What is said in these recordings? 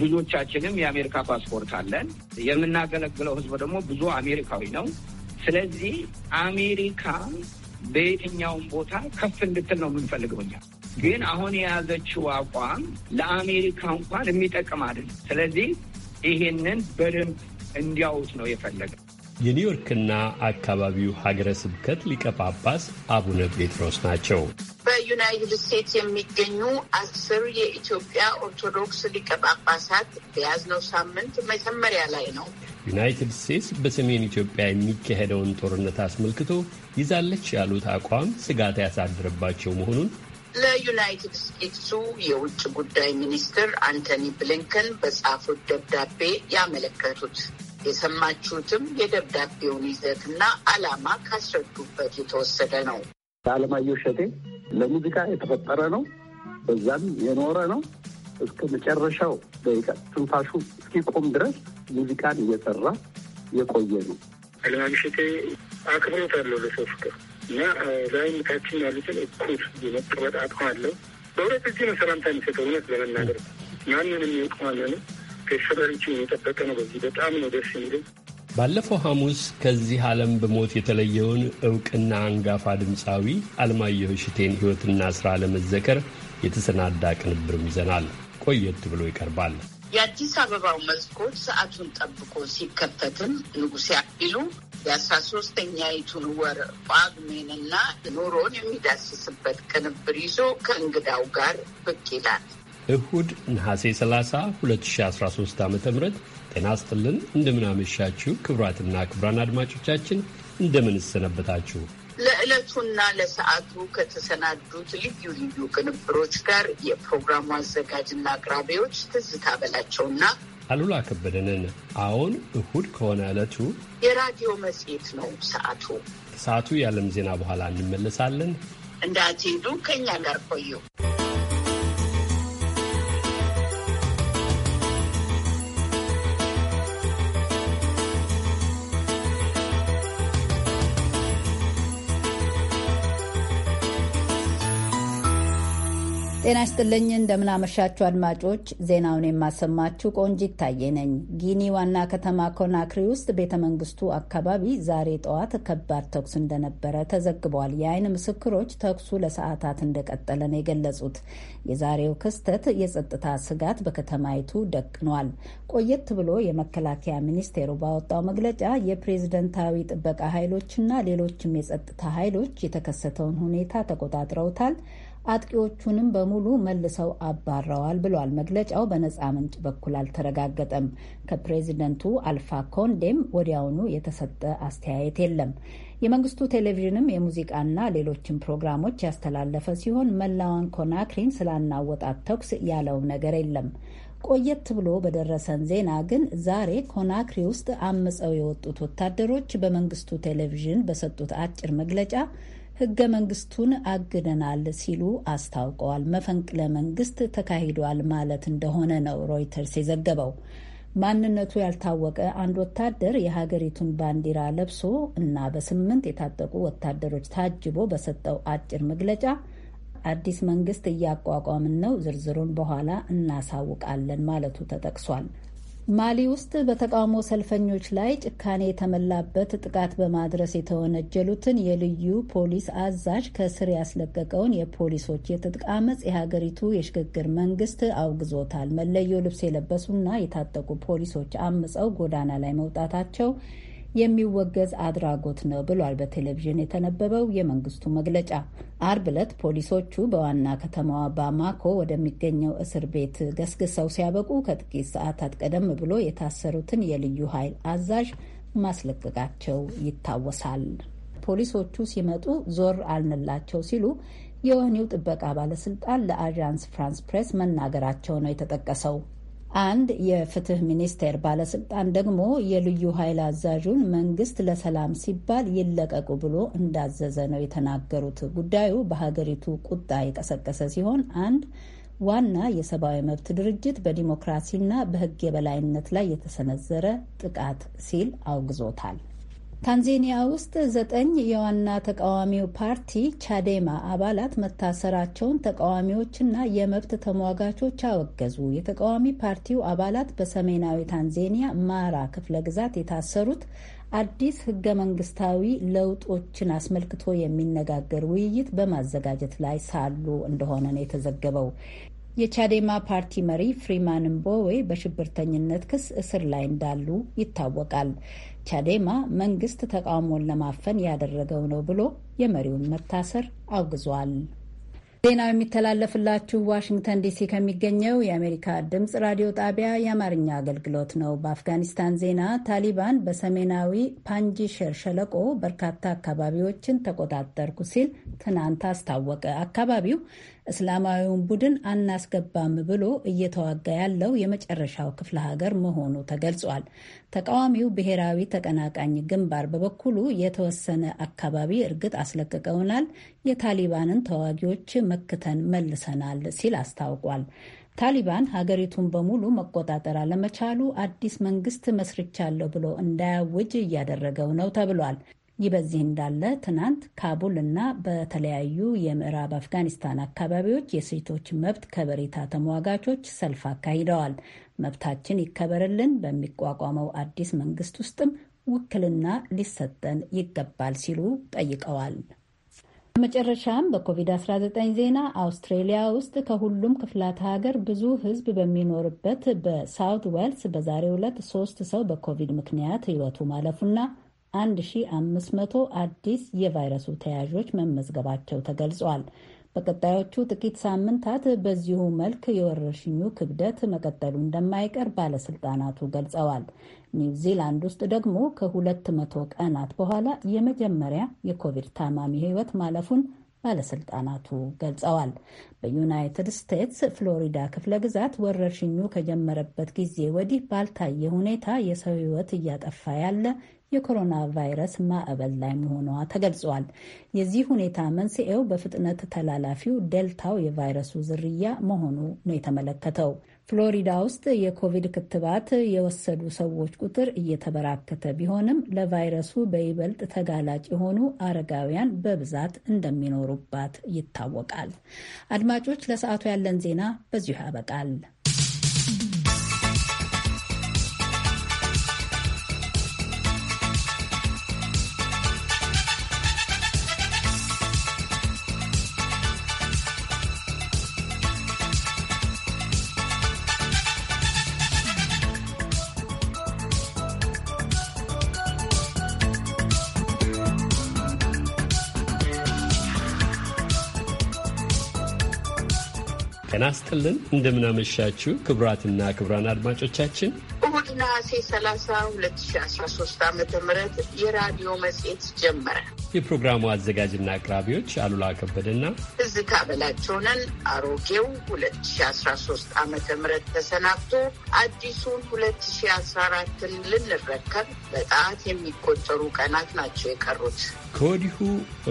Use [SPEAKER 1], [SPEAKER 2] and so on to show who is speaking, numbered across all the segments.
[SPEAKER 1] ብዙዎቻችንም የአሜሪካ ፓስፖርት አለን። የምናገለግለው ህዝብ ደግሞ ብዙ አሜሪካዊ ነው። ስለዚህ አሜሪካ በየትኛውም ቦታ ከፍ እንድትል ነው የምንፈልገው እኛ ግን አሁን የያዘችው አቋም ለአሜሪካ እንኳን የሚጠቅም አይደለም። ስለዚህ ይሄንን በደንብ እንዲያውት ነው የፈለገው።
[SPEAKER 2] የኒውዮርክና አካባቢው ሀገረ ስብከት ሊቀ ጳጳስ አቡነ ጴጥሮስ ናቸው።
[SPEAKER 1] በዩናይትድ ስቴትስ
[SPEAKER 3] የሚገኙ አስር የኢትዮጵያ ኦርቶዶክስ ሊቀ ጳጳሳት የያዝነው ሳምንት መጀመሪያ ላይ ነው
[SPEAKER 2] ዩናይትድ ስቴትስ በሰሜን ኢትዮጵያ የሚካሄደውን ጦርነት አስመልክቶ ይዛለች ያሉት አቋም ስጋት ያሳድርባቸው መሆኑን
[SPEAKER 3] ለዩናይትድ ስቴትሱ የውጭ ጉዳይ ሚኒስትር አንቶኒ ብሊንከን በጻፉት ደብዳቤ ያመለከቱት የሰማችሁትም የደብዳቤውን ይዘትና
[SPEAKER 4] ዓላማ ካስረዱበት የተወሰደ ነው። ለአለማየሁ እሸቴ ለሙዚቃ የተፈጠረ ነው። በዛም የኖረ ነው። እስከ መጨረሻው ደቂቃ ትንፋሹ እስኪቆም ድረስ ሙዚቃን እየሰራ የቆየ ነው። አለማየሁ እሸቴ አክብሮት አለው ለሰው ፍቅር እና ላይም ታችን ያሉትን እኩል የመቅረጥ አቅም አለው። በሁለት እጅ ነው ሰላምታ የሚሰጠው እውነት ለመናገር ማንንም የውቅ ማንንም ከሸረሪቱ የጠበቀ ነው። በዚህ በጣም ነው ደስ የሚለው።
[SPEAKER 2] ባለፈው ሐሙስ ከዚህ ዓለም በሞት የተለየውን እውቅና አንጋፋ ድምፃዊ አለማየሁ እሽቴን ሕይወትና ሥራ ለመዘከር የተሰናዳ ቅንብርም ይዘናል። ቆየት ብሎ ይቀርባል።
[SPEAKER 3] የአዲስ አበባው መስኮት ሰዓቱን ጠብቆ ሲከፈትም ንጉሴ አክሊሉ የአስራ ሶስተኛይቱን ወር ጳጉሜንና ኑሮን የሚዳስስበት ቅንብር ይዞ ከእንግዳው ጋር ብቅ ይላል።
[SPEAKER 2] እሁድ ነሐሴ 30 2013 ዓ ም ጤና ስጥልን። እንደምናመሻችሁ ክቡራትና ክቡራን አድማጮቻችን ሰነበታችሁ?
[SPEAKER 3] ለዕለቱና ለሰዓቱ ከተሰናዱት ልዩ ልዩ ቅንብሮች ጋር የፕሮግራሙ አዘጋጅና አቅራቢዎች ትዝታ በላቸውና
[SPEAKER 2] አሉላ ከበደንን። አዎን እሁድ ከሆነ ዕለቱ
[SPEAKER 3] የራዲዮ መጽሔት ነው። ሰዓቱ
[SPEAKER 2] ከሰዓቱ የዓለም ዜና በኋላ እንመለሳለን።
[SPEAKER 3] እንዳትሄዱ፣ ከእኛ ጋር ቆዩ።
[SPEAKER 5] ጤና ይስጥልኝ እንደምናመሻችሁ አድማጮች። ዜናውን የማሰማችሁ ቆንጅ ይታየ ነኝ። ጊኒ ዋና ከተማ ኮናክሪ ውስጥ ቤተ መንግስቱ አካባቢ ዛሬ ጠዋት ከባድ ተኩስ እንደነበረ ተዘግቧል። የአይን ምስክሮች ተኩሱ ለሰዓታት እንደቀጠለ ነው የገለጹት። የዛሬው ክስተት የጸጥታ ስጋት በከተማይቱ ደቅኗል። ቆየት ብሎ የመከላከያ ሚኒስቴሩ ባወጣው መግለጫ የፕሬዝደንታዊ ጥበቃ ኃይሎችና ሌሎችም የጸጥታ ኃይሎች የተከሰተውን ሁኔታ ተቆጣጥረውታል አጥቂዎቹንም በሙሉ መልሰው አባረዋል ብሏል መግለጫው። በነጻ ምንጭ በኩል አልተረጋገጠም። ከፕሬዚደንቱ አልፋ ኮንዴም ወዲያውኑ የተሰጠ አስተያየት የለም። የመንግስቱ ቴሌቪዥንም የሙዚቃና ሌሎችን ፕሮግራሞች ያስተላለፈ ሲሆን መላዋን ኮናክሪን ስላናወጣት ተኩስ ያለው ነገር የለም። ቆየት ብሎ በደረሰን ዜና ግን ዛሬ ኮናክሪ ውስጥ አምፀው የወጡት ወታደሮች በመንግስቱ ቴሌቪዥን በሰጡት አጭር መግለጫ ህገ መንግስቱን አግደናል ሲሉ አስታውቀዋል። መፈንቅለ መንግስት ተካሂዷል ማለት እንደሆነ ነው ሮይተርስ የዘገበው። ማንነቱ ያልታወቀ አንድ ወታደር የሀገሪቱን ባንዲራ ለብሶ እና በስምንት የታጠቁ ወታደሮች ታጅቦ በሰጠው አጭር መግለጫ አዲስ መንግስት እያቋቋምን ነው፣ ዝርዝሩን በኋላ እናሳውቃለን ማለቱ ተጠቅሷል። ማሊ ውስጥ በተቃውሞ ሰልፈኞች ላይ ጭካኔ የተመላበት ጥቃት በማድረስ የተወነጀሉትን የልዩ ፖሊስ አዛዥ ከስር ያስለቀቀውን የፖሊሶች የትጥቅ አመፅ የሀገሪቱ የሽግግር መንግስት አውግዞታል። መለዮ ልብስ የለበሱና የታጠቁ ፖሊሶች አምፀው ጎዳና ላይ መውጣታቸው የሚወገዝ አድራጎት ነው ብሏል በቴሌቪዥን የተነበበው የመንግስቱ መግለጫ። አርብ ዕለት ፖሊሶቹ በዋና ከተማዋ ባማኮ ወደሚገኘው እስር ቤት ገስግሰው ሲያበቁ ከጥቂት ሰዓታት ቀደም ብሎ የታሰሩትን የልዩ ኃይል አዛዥ ማስለቀቃቸው ይታወሳል። ፖሊሶቹ ሲመጡ ዞር አልንላቸው ሲሉ የወህኒው ጥበቃ ባለስልጣን ለአዣንስ ፍራንስ ፕሬስ መናገራቸው ነው የተጠቀሰው። አንድ የፍትህ ሚኒስቴር ባለስልጣን ደግሞ የልዩ ኃይል አዛዡን መንግስት ለሰላም ሲባል ይለቀቁ ብሎ እንዳዘዘ ነው የተናገሩት። ጉዳዩ በሀገሪቱ ቁጣ የቀሰቀሰ ሲሆን አንድ ዋና የሰብአዊ መብት ድርጅት በዲሞክራሲና በህግ የበላይነት ላይ የተሰነዘረ ጥቃት ሲል አውግዞታል። ታንዜኒያ ውስጥ ዘጠኝ የዋና ተቃዋሚው ፓርቲ ቻዴማ አባላት መታሰራቸውን ተቃዋሚዎችና የመብት ተሟጋቾች አወገዙ። የተቃዋሚ ፓርቲው አባላት በሰሜናዊ ታንዜኒያ ማራ ክፍለ ግዛት የታሰሩት አዲስ ህገ መንግስታዊ ለውጦችን አስመልክቶ የሚነጋገር ውይይት በማዘጋጀት ላይ ሳሉ እንደሆነ ነው የተዘገበው። የቻዴማ ፓርቲ መሪ ፍሪማን ምቦዌ በሽብርተኝነት ክስ እስር ላይ እንዳሉ ይታወቃል። ቻዴማ መንግስት ተቃውሞን ለማፈን ያደረገው ነው ብሎ የመሪውን መታሰር አውግዟል። ዜናው የሚተላለፍላችሁ ዋሽንግተን ዲሲ ከሚገኘው የአሜሪካ ድምፅ ራዲዮ ጣቢያ የአማርኛ አገልግሎት ነው። በአፍጋኒስታን ዜና ታሊባን በሰሜናዊ ፓንጂሸር ሸለቆ በርካታ አካባቢዎችን ተቆጣጠርኩ ሲል ትናንት አስታወቀ። አካባቢው እስላማዊውን ቡድን አናስገባም ብሎ እየተዋጋ ያለው የመጨረሻው ክፍለ ሀገር መሆኑ ተገልጿል። ተቃዋሚው ብሔራዊ ተቀናቃኝ ግንባር በበኩሉ የተወሰነ አካባቢ እርግጥ አስለቅቀውናል፣ የታሊባንን ተዋጊዎች መክተን መልሰናል ሲል አስታውቋል። ታሊባን ሀገሪቱን በሙሉ መቆጣጠር አለመቻሉ አዲስ መንግስት መስርቻለሁ ብሎ እንዳያውጅ እያደረገው ነው ተብሏል። ይህ በዚህ እንዳለ ትናንት ካቡል እና በተለያዩ የምዕራብ አፍጋኒስታን አካባቢዎች የሴቶች መብት ከበሬታ ተሟጋቾች ሰልፍ አካሂደዋል። መብታችን ይከበርልን፣ በሚቋቋመው አዲስ መንግስት ውስጥም ውክልና ሊሰጠን ይገባል ሲሉ ጠይቀዋል። በመጨረሻም በኮቪድ-19 ዜና አውስትሬሊያ ውስጥ ከሁሉም ክፍላት ሀገር ብዙ ሕዝብ በሚኖርበት በሳውት ዌልስ በዛሬው ዕለት ሶስት ሰው በኮቪድ ምክንያት ሕይወቱ ማለፉና 1500 አዲስ የቫይረሱ ተያዦች መመዝገባቸው ተገልጿል። በቀጣዮቹ ጥቂት ሳምንታት በዚሁ መልክ የወረርሽኙ ክብደት መቀጠሉ እንደማይቀር ባለስልጣናቱ ገልጸዋል። ኒውዚላንድ ውስጥ ደግሞ ከሁለት መቶ ቀናት በኋላ የመጀመሪያ የኮቪድ ታማሚ ሕይወት ማለፉን ባለስልጣናቱ ገልጸዋል። በዩናይትድ ስቴትስ ፍሎሪዳ ክፍለ ግዛት ወረርሽኙ ከጀመረበት ጊዜ ወዲህ ባልታየ ሁኔታ የሰው ሕይወት እያጠፋ ያለ የኮሮና ቫይረስ ማዕበል ላይ መሆኗ ተገልጿል። የዚህ ሁኔታ መንስኤው በፍጥነት ተላላፊው ዴልታው የቫይረሱ ዝርያ መሆኑ ነው የተመለከተው። ፍሎሪዳ ውስጥ የኮቪድ ክትባት የወሰዱ ሰዎች ቁጥር እየተበራከተ ቢሆንም ለቫይረሱ በይበልጥ ተጋላጭ የሆኑ አረጋውያን በብዛት እንደሚኖሩባት ይታወቃል። አድማጮች፣ ለሰዓቱ ያለን ዜና በዚሁ ያበቃል።
[SPEAKER 2] ይስጥልን እንደምናመሻችው ክቡራትና ክቡራን አድማጮቻችን
[SPEAKER 6] እሁድ
[SPEAKER 3] ነሐሴ 30 2013 ዓ ም የራዲዮ መጽሔት ጀመረ።
[SPEAKER 2] የፕሮግራሙ አዘጋጅና አቅራቢዎች አሉላ ከበደና
[SPEAKER 3] እዝታ በላቸውነን። አሮጌው 2013 ዓ ም ተሰናብቶ አዲሱን 2014ን ልንረከብ በጣት የሚቆጠሩ ቀናት ናቸው የቀሩት።
[SPEAKER 2] ከወዲሁ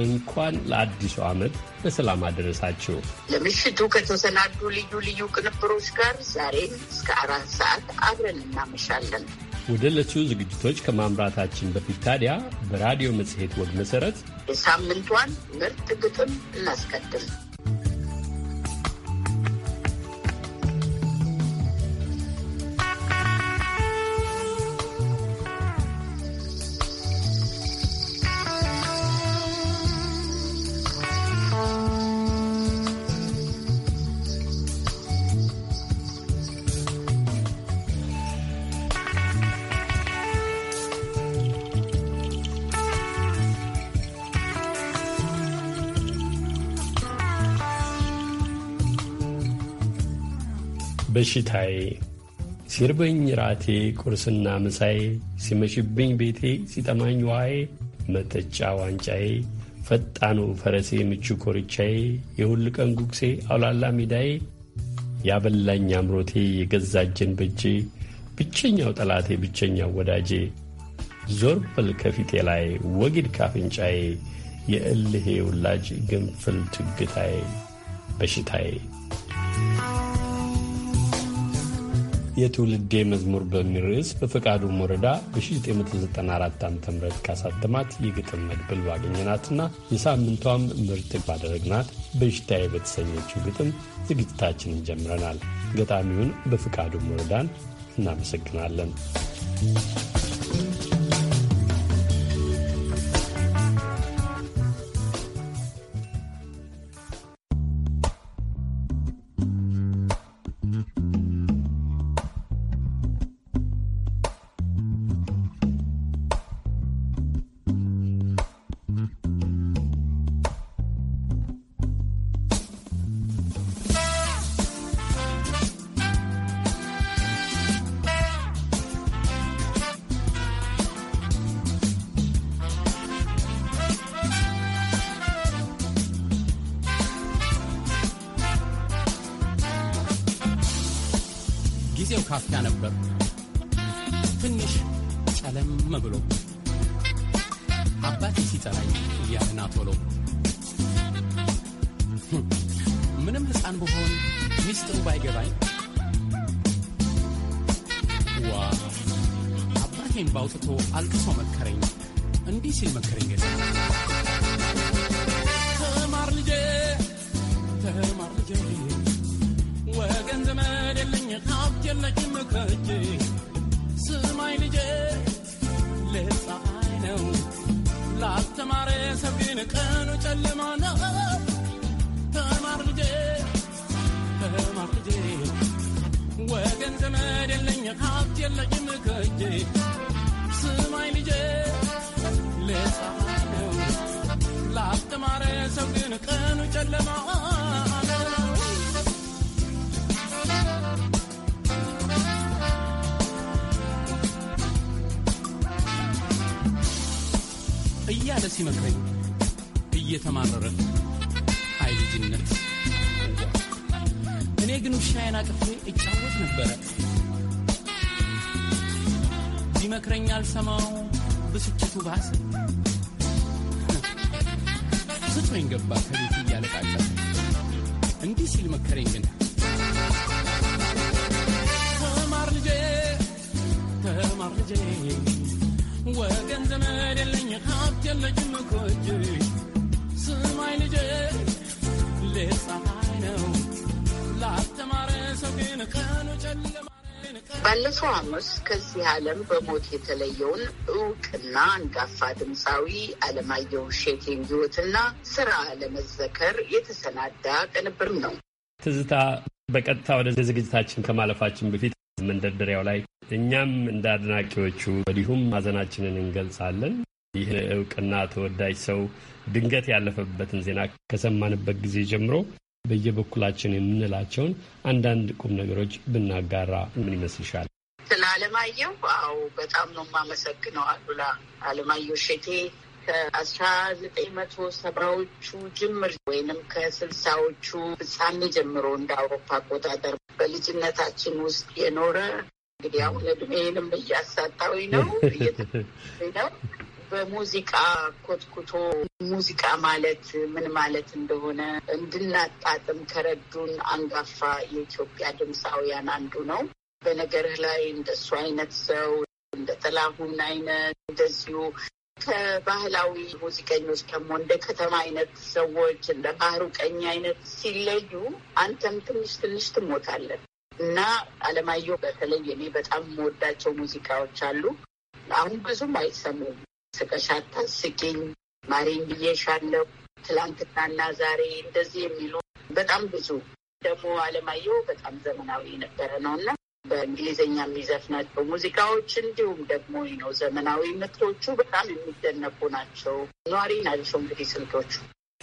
[SPEAKER 2] እንኳን ለአዲሱ ዓመት በሰላም አደረሳችሁ።
[SPEAKER 3] ለምሽቱ ከተሰናዱ ልዩ ልዩ ቅንብሮች ጋር ዛሬም እስከ አራት ሰዓት አብረን እናመሻለን።
[SPEAKER 2] ወደ ዕለቱ ዝግጅቶች ከማምራታችን በፊት ታዲያ በራዲዮ መጽሔት ወግ መሠረት
[SPEAKER 3] የሳምንቷን ምርጥ ግጥም እናስቀድም።
[SPEAKER 2] በሽታዬ ሲርበኝ ራቴ ቁርስና ምሳዬ ሲመሽብኝ ቤቴ ሲጠማኝ ውሃዬ መጠጫ ዋንጫዬ ፈጣኑ ፈረሴ ምቹ ኮርቻዬ የሁል ቀን ጉግሴ አውላላ ሜዳዬ ያበላኝ አምሮቴ የገዛጀን በጄ ብቸኛው ጠላቴ ብቸኛው ወዳጄ ዞር በል ከፊቴ ላይ ወግድ ካፍንጫዬ የእልሄ ውላጅ ግንፍል ትግታዬ በሽታዬ የትውልዴ መዝሙር በሚል ርዕስ በፈቃዱ ወረዳ በ1994 ዓ ም ካሳተማት የግጥም መድብል ባገኘናትና የሳምንቷም ምርጥ ባደረግናት በሽታዬ በተሰኘችው ግጥም ዝግጅታችንን ጀምረናል። ገጣሚውን በፈቃዱ ወረዳን እናመሰግናለን።
[SPEAKER 7] ካፍታ ነበር። ትንሽ
[SPEAKER 4] ጨለም ብሎ አባቴ ሲጠራኝ
[SPEAKER 7] እያህና ቶሎ ምንም ሕፃን ብሆን ሚስጥሩ ባይገባኝ ዋ አባቴን ባውጥቶ አልቅሶ መከረኝ። እንዲህ ሲል መከረኝ ገ ተማር ልጄ ተማር ልጄ ወገን ዘመድ የለኝ ሀብት የለችም ከእጄ
[SPEAKER 4] ስማኝ ልጄ ለፀሐይ ነው ላልተማረ
[SPEAKER 7] ሰው ግን ቀኑ ጨለማ ነው። ተማር ልጄ ተማር ልጄ ወገን ዘመድ የለኝ ሀብት የለችም
[SPEAKER 4] ከእጄ ስማኝ ልጄ ለፀሐይ ነው ላልተማረ ሰው ግን ቀኑ ጨለማ እያለ ሲመክረኝ እየተማረረ አይ ልጅነት። እኔ ግን ውሻዬን አቅፌ እጫወት ነበረ።
[SPEAKER 2] ቢመክረኝ አልሰማው ብስጭቱ ባሰ። ስቶኝ ገባ ከቤት እያለቃለ እንዲህ ሲል መከረኝ ግን ተማር ልጄ
[SPEAKER 7] ተማር ልጄ ወገን ዘመድ የለኝ እኮ
[SPEAKER 4] ስማኝ ልጄ ነው ላስተማረ ቀኑ ጨለማ
[SPEAKER 3] ባለፈው ሐሙስ ከዚህ ዓለም በሞት የተለየውን እውቅና አንጋፋ ድምፃዊ አለማየሁ እሸቴን ሕይወትና ስራ ለመዘከር የተሰናዳ ቅንብር ነው።
[SPEAKER 2] ትዝታ፣ በቀጥታ ወደ ዝግጅታችን ከማለፋችን በፊት መንደርደሪያው ላይ እኛም እንደ አድናቂዎቹ እንዲሁም ሀዘናችንን እንገልጻለን። ይህ እውቅና ተወዳጅ ሰው ድንገት ያለፈበትን ዜና ከሰማንበት ጊዜ ጀምሮ በየበኩላችን የምንላቸውን አንዳንድ ቁም ነገሮች ብናጋራ ምን ይመስልሻል?
[SPEAKER 3] ስለ አለማየሁ አዎ፣ በጣም ነው የማመሰግነው አሉላ። አለማየሁ ሸቴ ከአስራ ዘጠኝ መቶ ሰባዎቹ ጅምር ወይንም ከስልሳዎቹ ፍጻሜ ጀምሮ እንደ አውሮፓ አቆጣጠር በልጅነታችን ውስጥ የኖረ እንግዲህ አሁን እድሜንም እያሳጣዊ ነው ነው በሙዚቃ ኮትኩቶ ሙዚቃ ማለት ምን ማለት እንደሆነ እንድናጣጥም ከረዱን አንጋፋ የኢትዮጵያ ድምፃውያን አንዱ ነው። በነገርህ ላይ እንደሱ አይነት ሰው እንደ ጥላሁን አይነት እንደዚሁ ከባህላዊ ሙዚቀኞች ደግሞ እንደ ከተማ አይነት ሰዎች እንደ ባህሩ ቀኝ አይነት ሲለዩ አንተም ትንሽ ትንሽ ትሞታለን እና አለማየሁ በተለይ እኔ በጣም የምወዳቸው ሙዚቃዎች አሉ። አሁን ብዙም አይሰሙም። ስቀሻታ ስቂኝ ማሬን ብዬሻለሁ ትላንትናና ዛሬ እንደዚህ የሚሉ በጣም ብዙ ደግሞ አለማየሁ በጣም ዘመናዊ የነበረ ነው እና በእንግሊዝኛ የሚዘፍናቸው ሙዚቃዎች እንዲሁም ደግሞ ነው ዘመናዊ ምቶቹ በጣም የሚደነቁ ናቸው። ኗሪ ናቸው እንግዲህ ስልቶቹ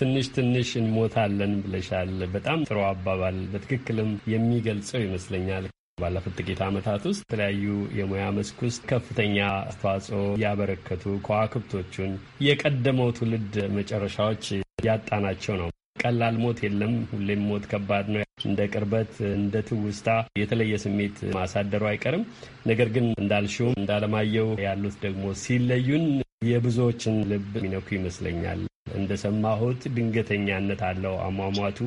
[SPEAKER 2] ትንሽ ትንሽ እንሞታለን ብለሻል። በጣም ጥሩ አባባል፣ በትክክልም የሚገልጸው ይመስለኛል። ባለፉት ጥቂት ዓመታት ውስጥ የተለያዩ የሙያ መስክ ውስጥ ከፍተኛ አስተዋጽኦ ያበረከቱ ከዋክብቶቹን የቀደመው ትውልድ መጨረሻዎች ያጣናቸው ነው። ቀላል ሞት የለም። ሁሌም ሞት ከባድ ነው። እንደ ቅርበት፣ እንደ ትውስታ የተለየ ስሜት ማሳደሩ አይቀርም። ነገር ግን እንዳልሽውም እንዳለማየው ያሉት ደግሞ ሲለዩን የብዙዎችን ልብ ሚነኩ ይመስለኛል። እንደሰማሁት ድንገተኛነት አለው አሟሟቱ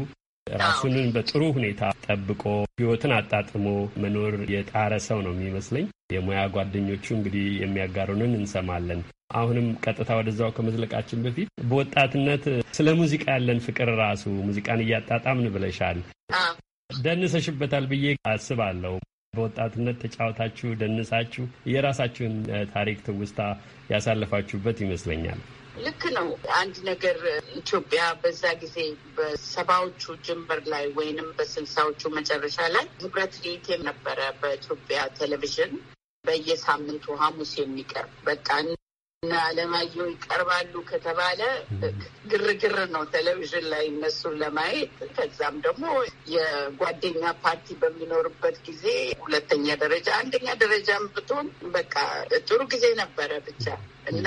[SPEAKER 2] ራሱንን በጥሩ ሁኔታ ጠብቆ ህይወትን አጣጥሞ መኖር የጣረ ሰው ነው የሚመስለኝ። የሙያ ጓደኞቹ እንግዲህ የሚያጋሩንን እንሰማለን። አሁንም ቀጥታ ወደዛው ከመዝለቃችን በፊት በወጣትነት ስለ ሙዚቃ ያለን ፍቅር ራሱ ሙዚቃን እያጣጣምን ብለሻል፣ ደንሰሽበታል ብዬ አስባለሁ። በወጣትነት ተጫወታችሁ፣ ደንሳችሁ፣ የራሳችሁን ታሪክ ትውስታ ያሳለፋችሁበት ይመስለኛል።
[SPEAKER 3] ልክ ነው። አንድ ነገር ኢትዮጵያ በዛ ጊዜ በሰባዎቹ ጅንበር ላይ ወይንም በስልሳዎቹ መጨረሻ ላይ ህብረት ሪቴም ነበረ በኢትዮጵያ ቴሌቪዥን በየሳምንቱ ሐሙስ የሚቀርብ በቃ እና አለማየሁ ይቀርባሉ ከተባለ ግርግር ነው ቴሌቪዥን ላይ እነሱን ለማየት። ከዛም ደግሞ የጓደኛ ፓርቲ በሚኖርበት ጊዜ ሁለተኛ ደረጃ አንደኛ ደረጃም ብትሆን በቃ ጥሩ ጊዜ ነበረ ብቻ እና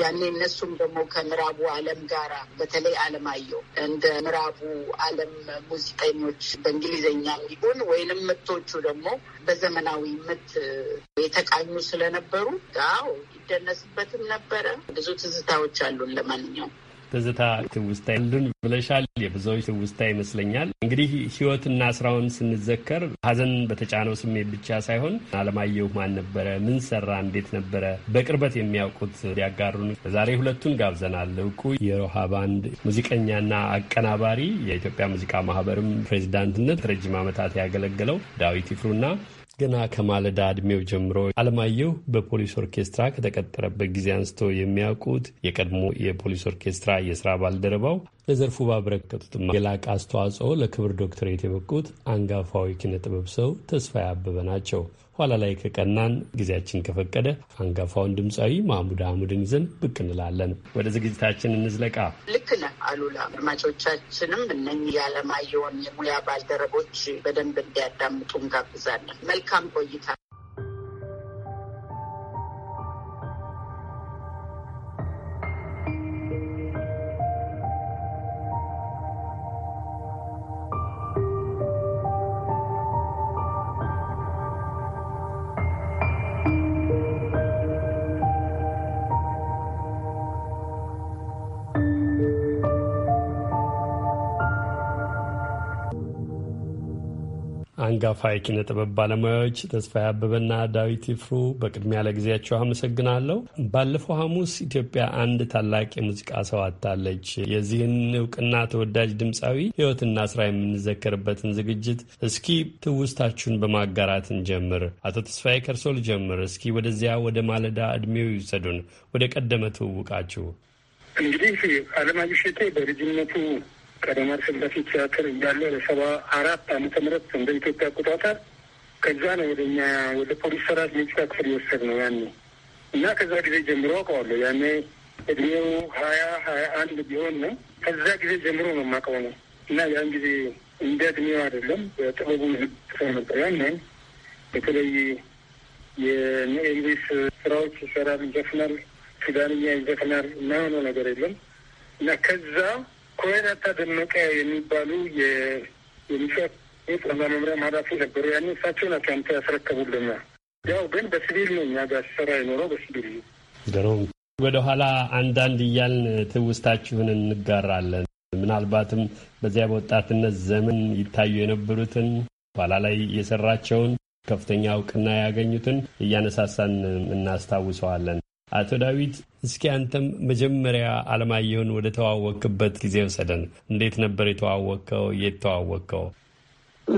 [SPEAKER 3] ያኔ እነሱም ደግሞ ከምዕራቡ ዓለም ጋራ በተለይ አለማየሁ እንደ ምዕራቡ ዓለም ሙዚቀኞች በእንግሊዝኛ ይሁን ወይንም ምቶቹ ደግሞ በዘመናዊ ምት የተቃኙ ስለነበሩ ው የሚደነስበትም ነበረ። ብዙ ትዝታዎች አሉን። ለማንኛውም
[SPEAKER 2] ትዝታ ትውስታ ያሉን ብለሻል። የብዙዎች ትውስታ ይመስለኛል። እንግዲህ ህይወትና ስራውን ስንዘከር ሀዘን በተጫነው ስሜት ብቻ ሳይሆን አለማየሁ ማን ነበረ፣ ምን ሰራ፣ እንዴት ነበረ፣ በቅርበት የሚያውቁት ሊያጋሩን ዛሬ ሁለቱን ጋብዘናል። እውቁ የሮሃ ባንድ ሙዚቀኛና አቀናባሪ የኢትዮጵያ ሙዚቃ ማህበርም ፕሬዚዳንትነት ረጅም ዓመታት ያገለገለው ዳዊት ይፍሩና ገና ከማለዳ ዕድሜው ጀምሮ አለማየሁ በፖሊስ ኦርኬስትራ ከተቀጠረበት ጊዜ አንስቶ የሚያውቁት የቀድሞ የፖሊስ ኦርኬስትራ የስራ ባልደረባው ለዘርፉ ባበረከቱት የላቀ አስተዋጽኦ ለክብር ዶክትሬት የበቁት አንጋፋዊ ኪነጥበብ ሰው ተስፋዬ አበበ ናቸው። ኋላ ላይ ከቀናን ጊዜያችን ከፈቀደ አንጋፋውን ድምፃዊ ማህሙድ አህሙድን ይዘን ብቅ እንላለን። ወደ ዝግጅታችን እንዝለቃ።
[SPEAKER 3] ልክ ነህ አሉላ። አድማጮቻችንም እነኚህ የዓለማየሁን የሙያ ባልደረቦች በደንብ እንዲያዳምጡ እንጋብዛለን። መልካም ቆይታ።
[SPEAKER 2] አንጋፋ የኪነ ጥበብ ባለሙያዎች ተስፋዬ አበበና ዳዊት ይፍሩ በቅድሚያ ለጊዜያቸው አመሰግናለሁ። ባለፈው ሐሙስ ኢትዮጵያ አንድ ታላቅ የሙዚቃ ሰው አታለች። የዚህን እውቅና ተወዳጅ ድምፃዊ ሕይወትና ስራ የምንዘከርበትን ዝግጅት እስኪ ትውስታችሁን በማጋራት እንጀምር። አቶ ተስፋዬ ከርሶ ልጀምር። እስኪ ወደዚያ ወደ ማለዳ እድሜው ይውሰዱን፣ ወደ ቀደመ ትውውቃችሁ።
[SPEAKER 4] እንግዲህ አለማየሁ እሸቴ በልጅነቱ ከደመርስን በፊት ትያትር እያለ ለሰባ አራት አመተ ምህረት እንደ ኢትዮጵያ አቆጣጠር ከዛ ነው ወደ እኛ ወደ ፖሊስ ሰራዊት ሙዚቃ ክፍል የወሰድ ነው ያኔ እና ከዛ ጊዜ ጀምሮ አውቀዋለሁ። ያኔ እድሜው ሀያ ሀያ አንድ ቢሆን ነው። ከዛ ጊዜ ጀምሮ ነው የማውቀው ነው እና ያን ጊዜ እንደ እድሜው አይደለም በጥበቡ ሰው ነበር። ያንን የተለይ የኤልቤስ ስራዎች ይሰራል፣ ይዘፍናል፣ ሱዳንኛ ይዘፍናል እና የሆነ ነገር የለም እና ከዛ ኮሄራታ ደመቀ የሚባሉ የሚሻ ጸባ መምሪያ ኃላፊ ነበሩ። ያኔ እሳቸው ናቸው አንተ ያስረከቡልና ያው ግን በሲቪል ነው እኛ ጋር ሲሰራ የኖረው በሲቪል
[SPEAKER 2] ነው። ወደ ኋላ አንዳንድ እያልን ትውስታችሁን እንጋራለን። ምናልባትም በዚያ በወጣትነት ዘመን ይታዩ የነበሩትን ኋላ ላይ የሰራቸውን ከፍተኛ እውቅና ያገኙትን እያነሳሳን እናስታውሰዋለን። አቶ ዳዊት እስኪ አንተም መጀመሪያ አለማየሁን ወደ ተዋወቅበት ጊዜ ውሰደን። እንዴት ነበር የተዋወቅከው? የት ተዋወቅከው?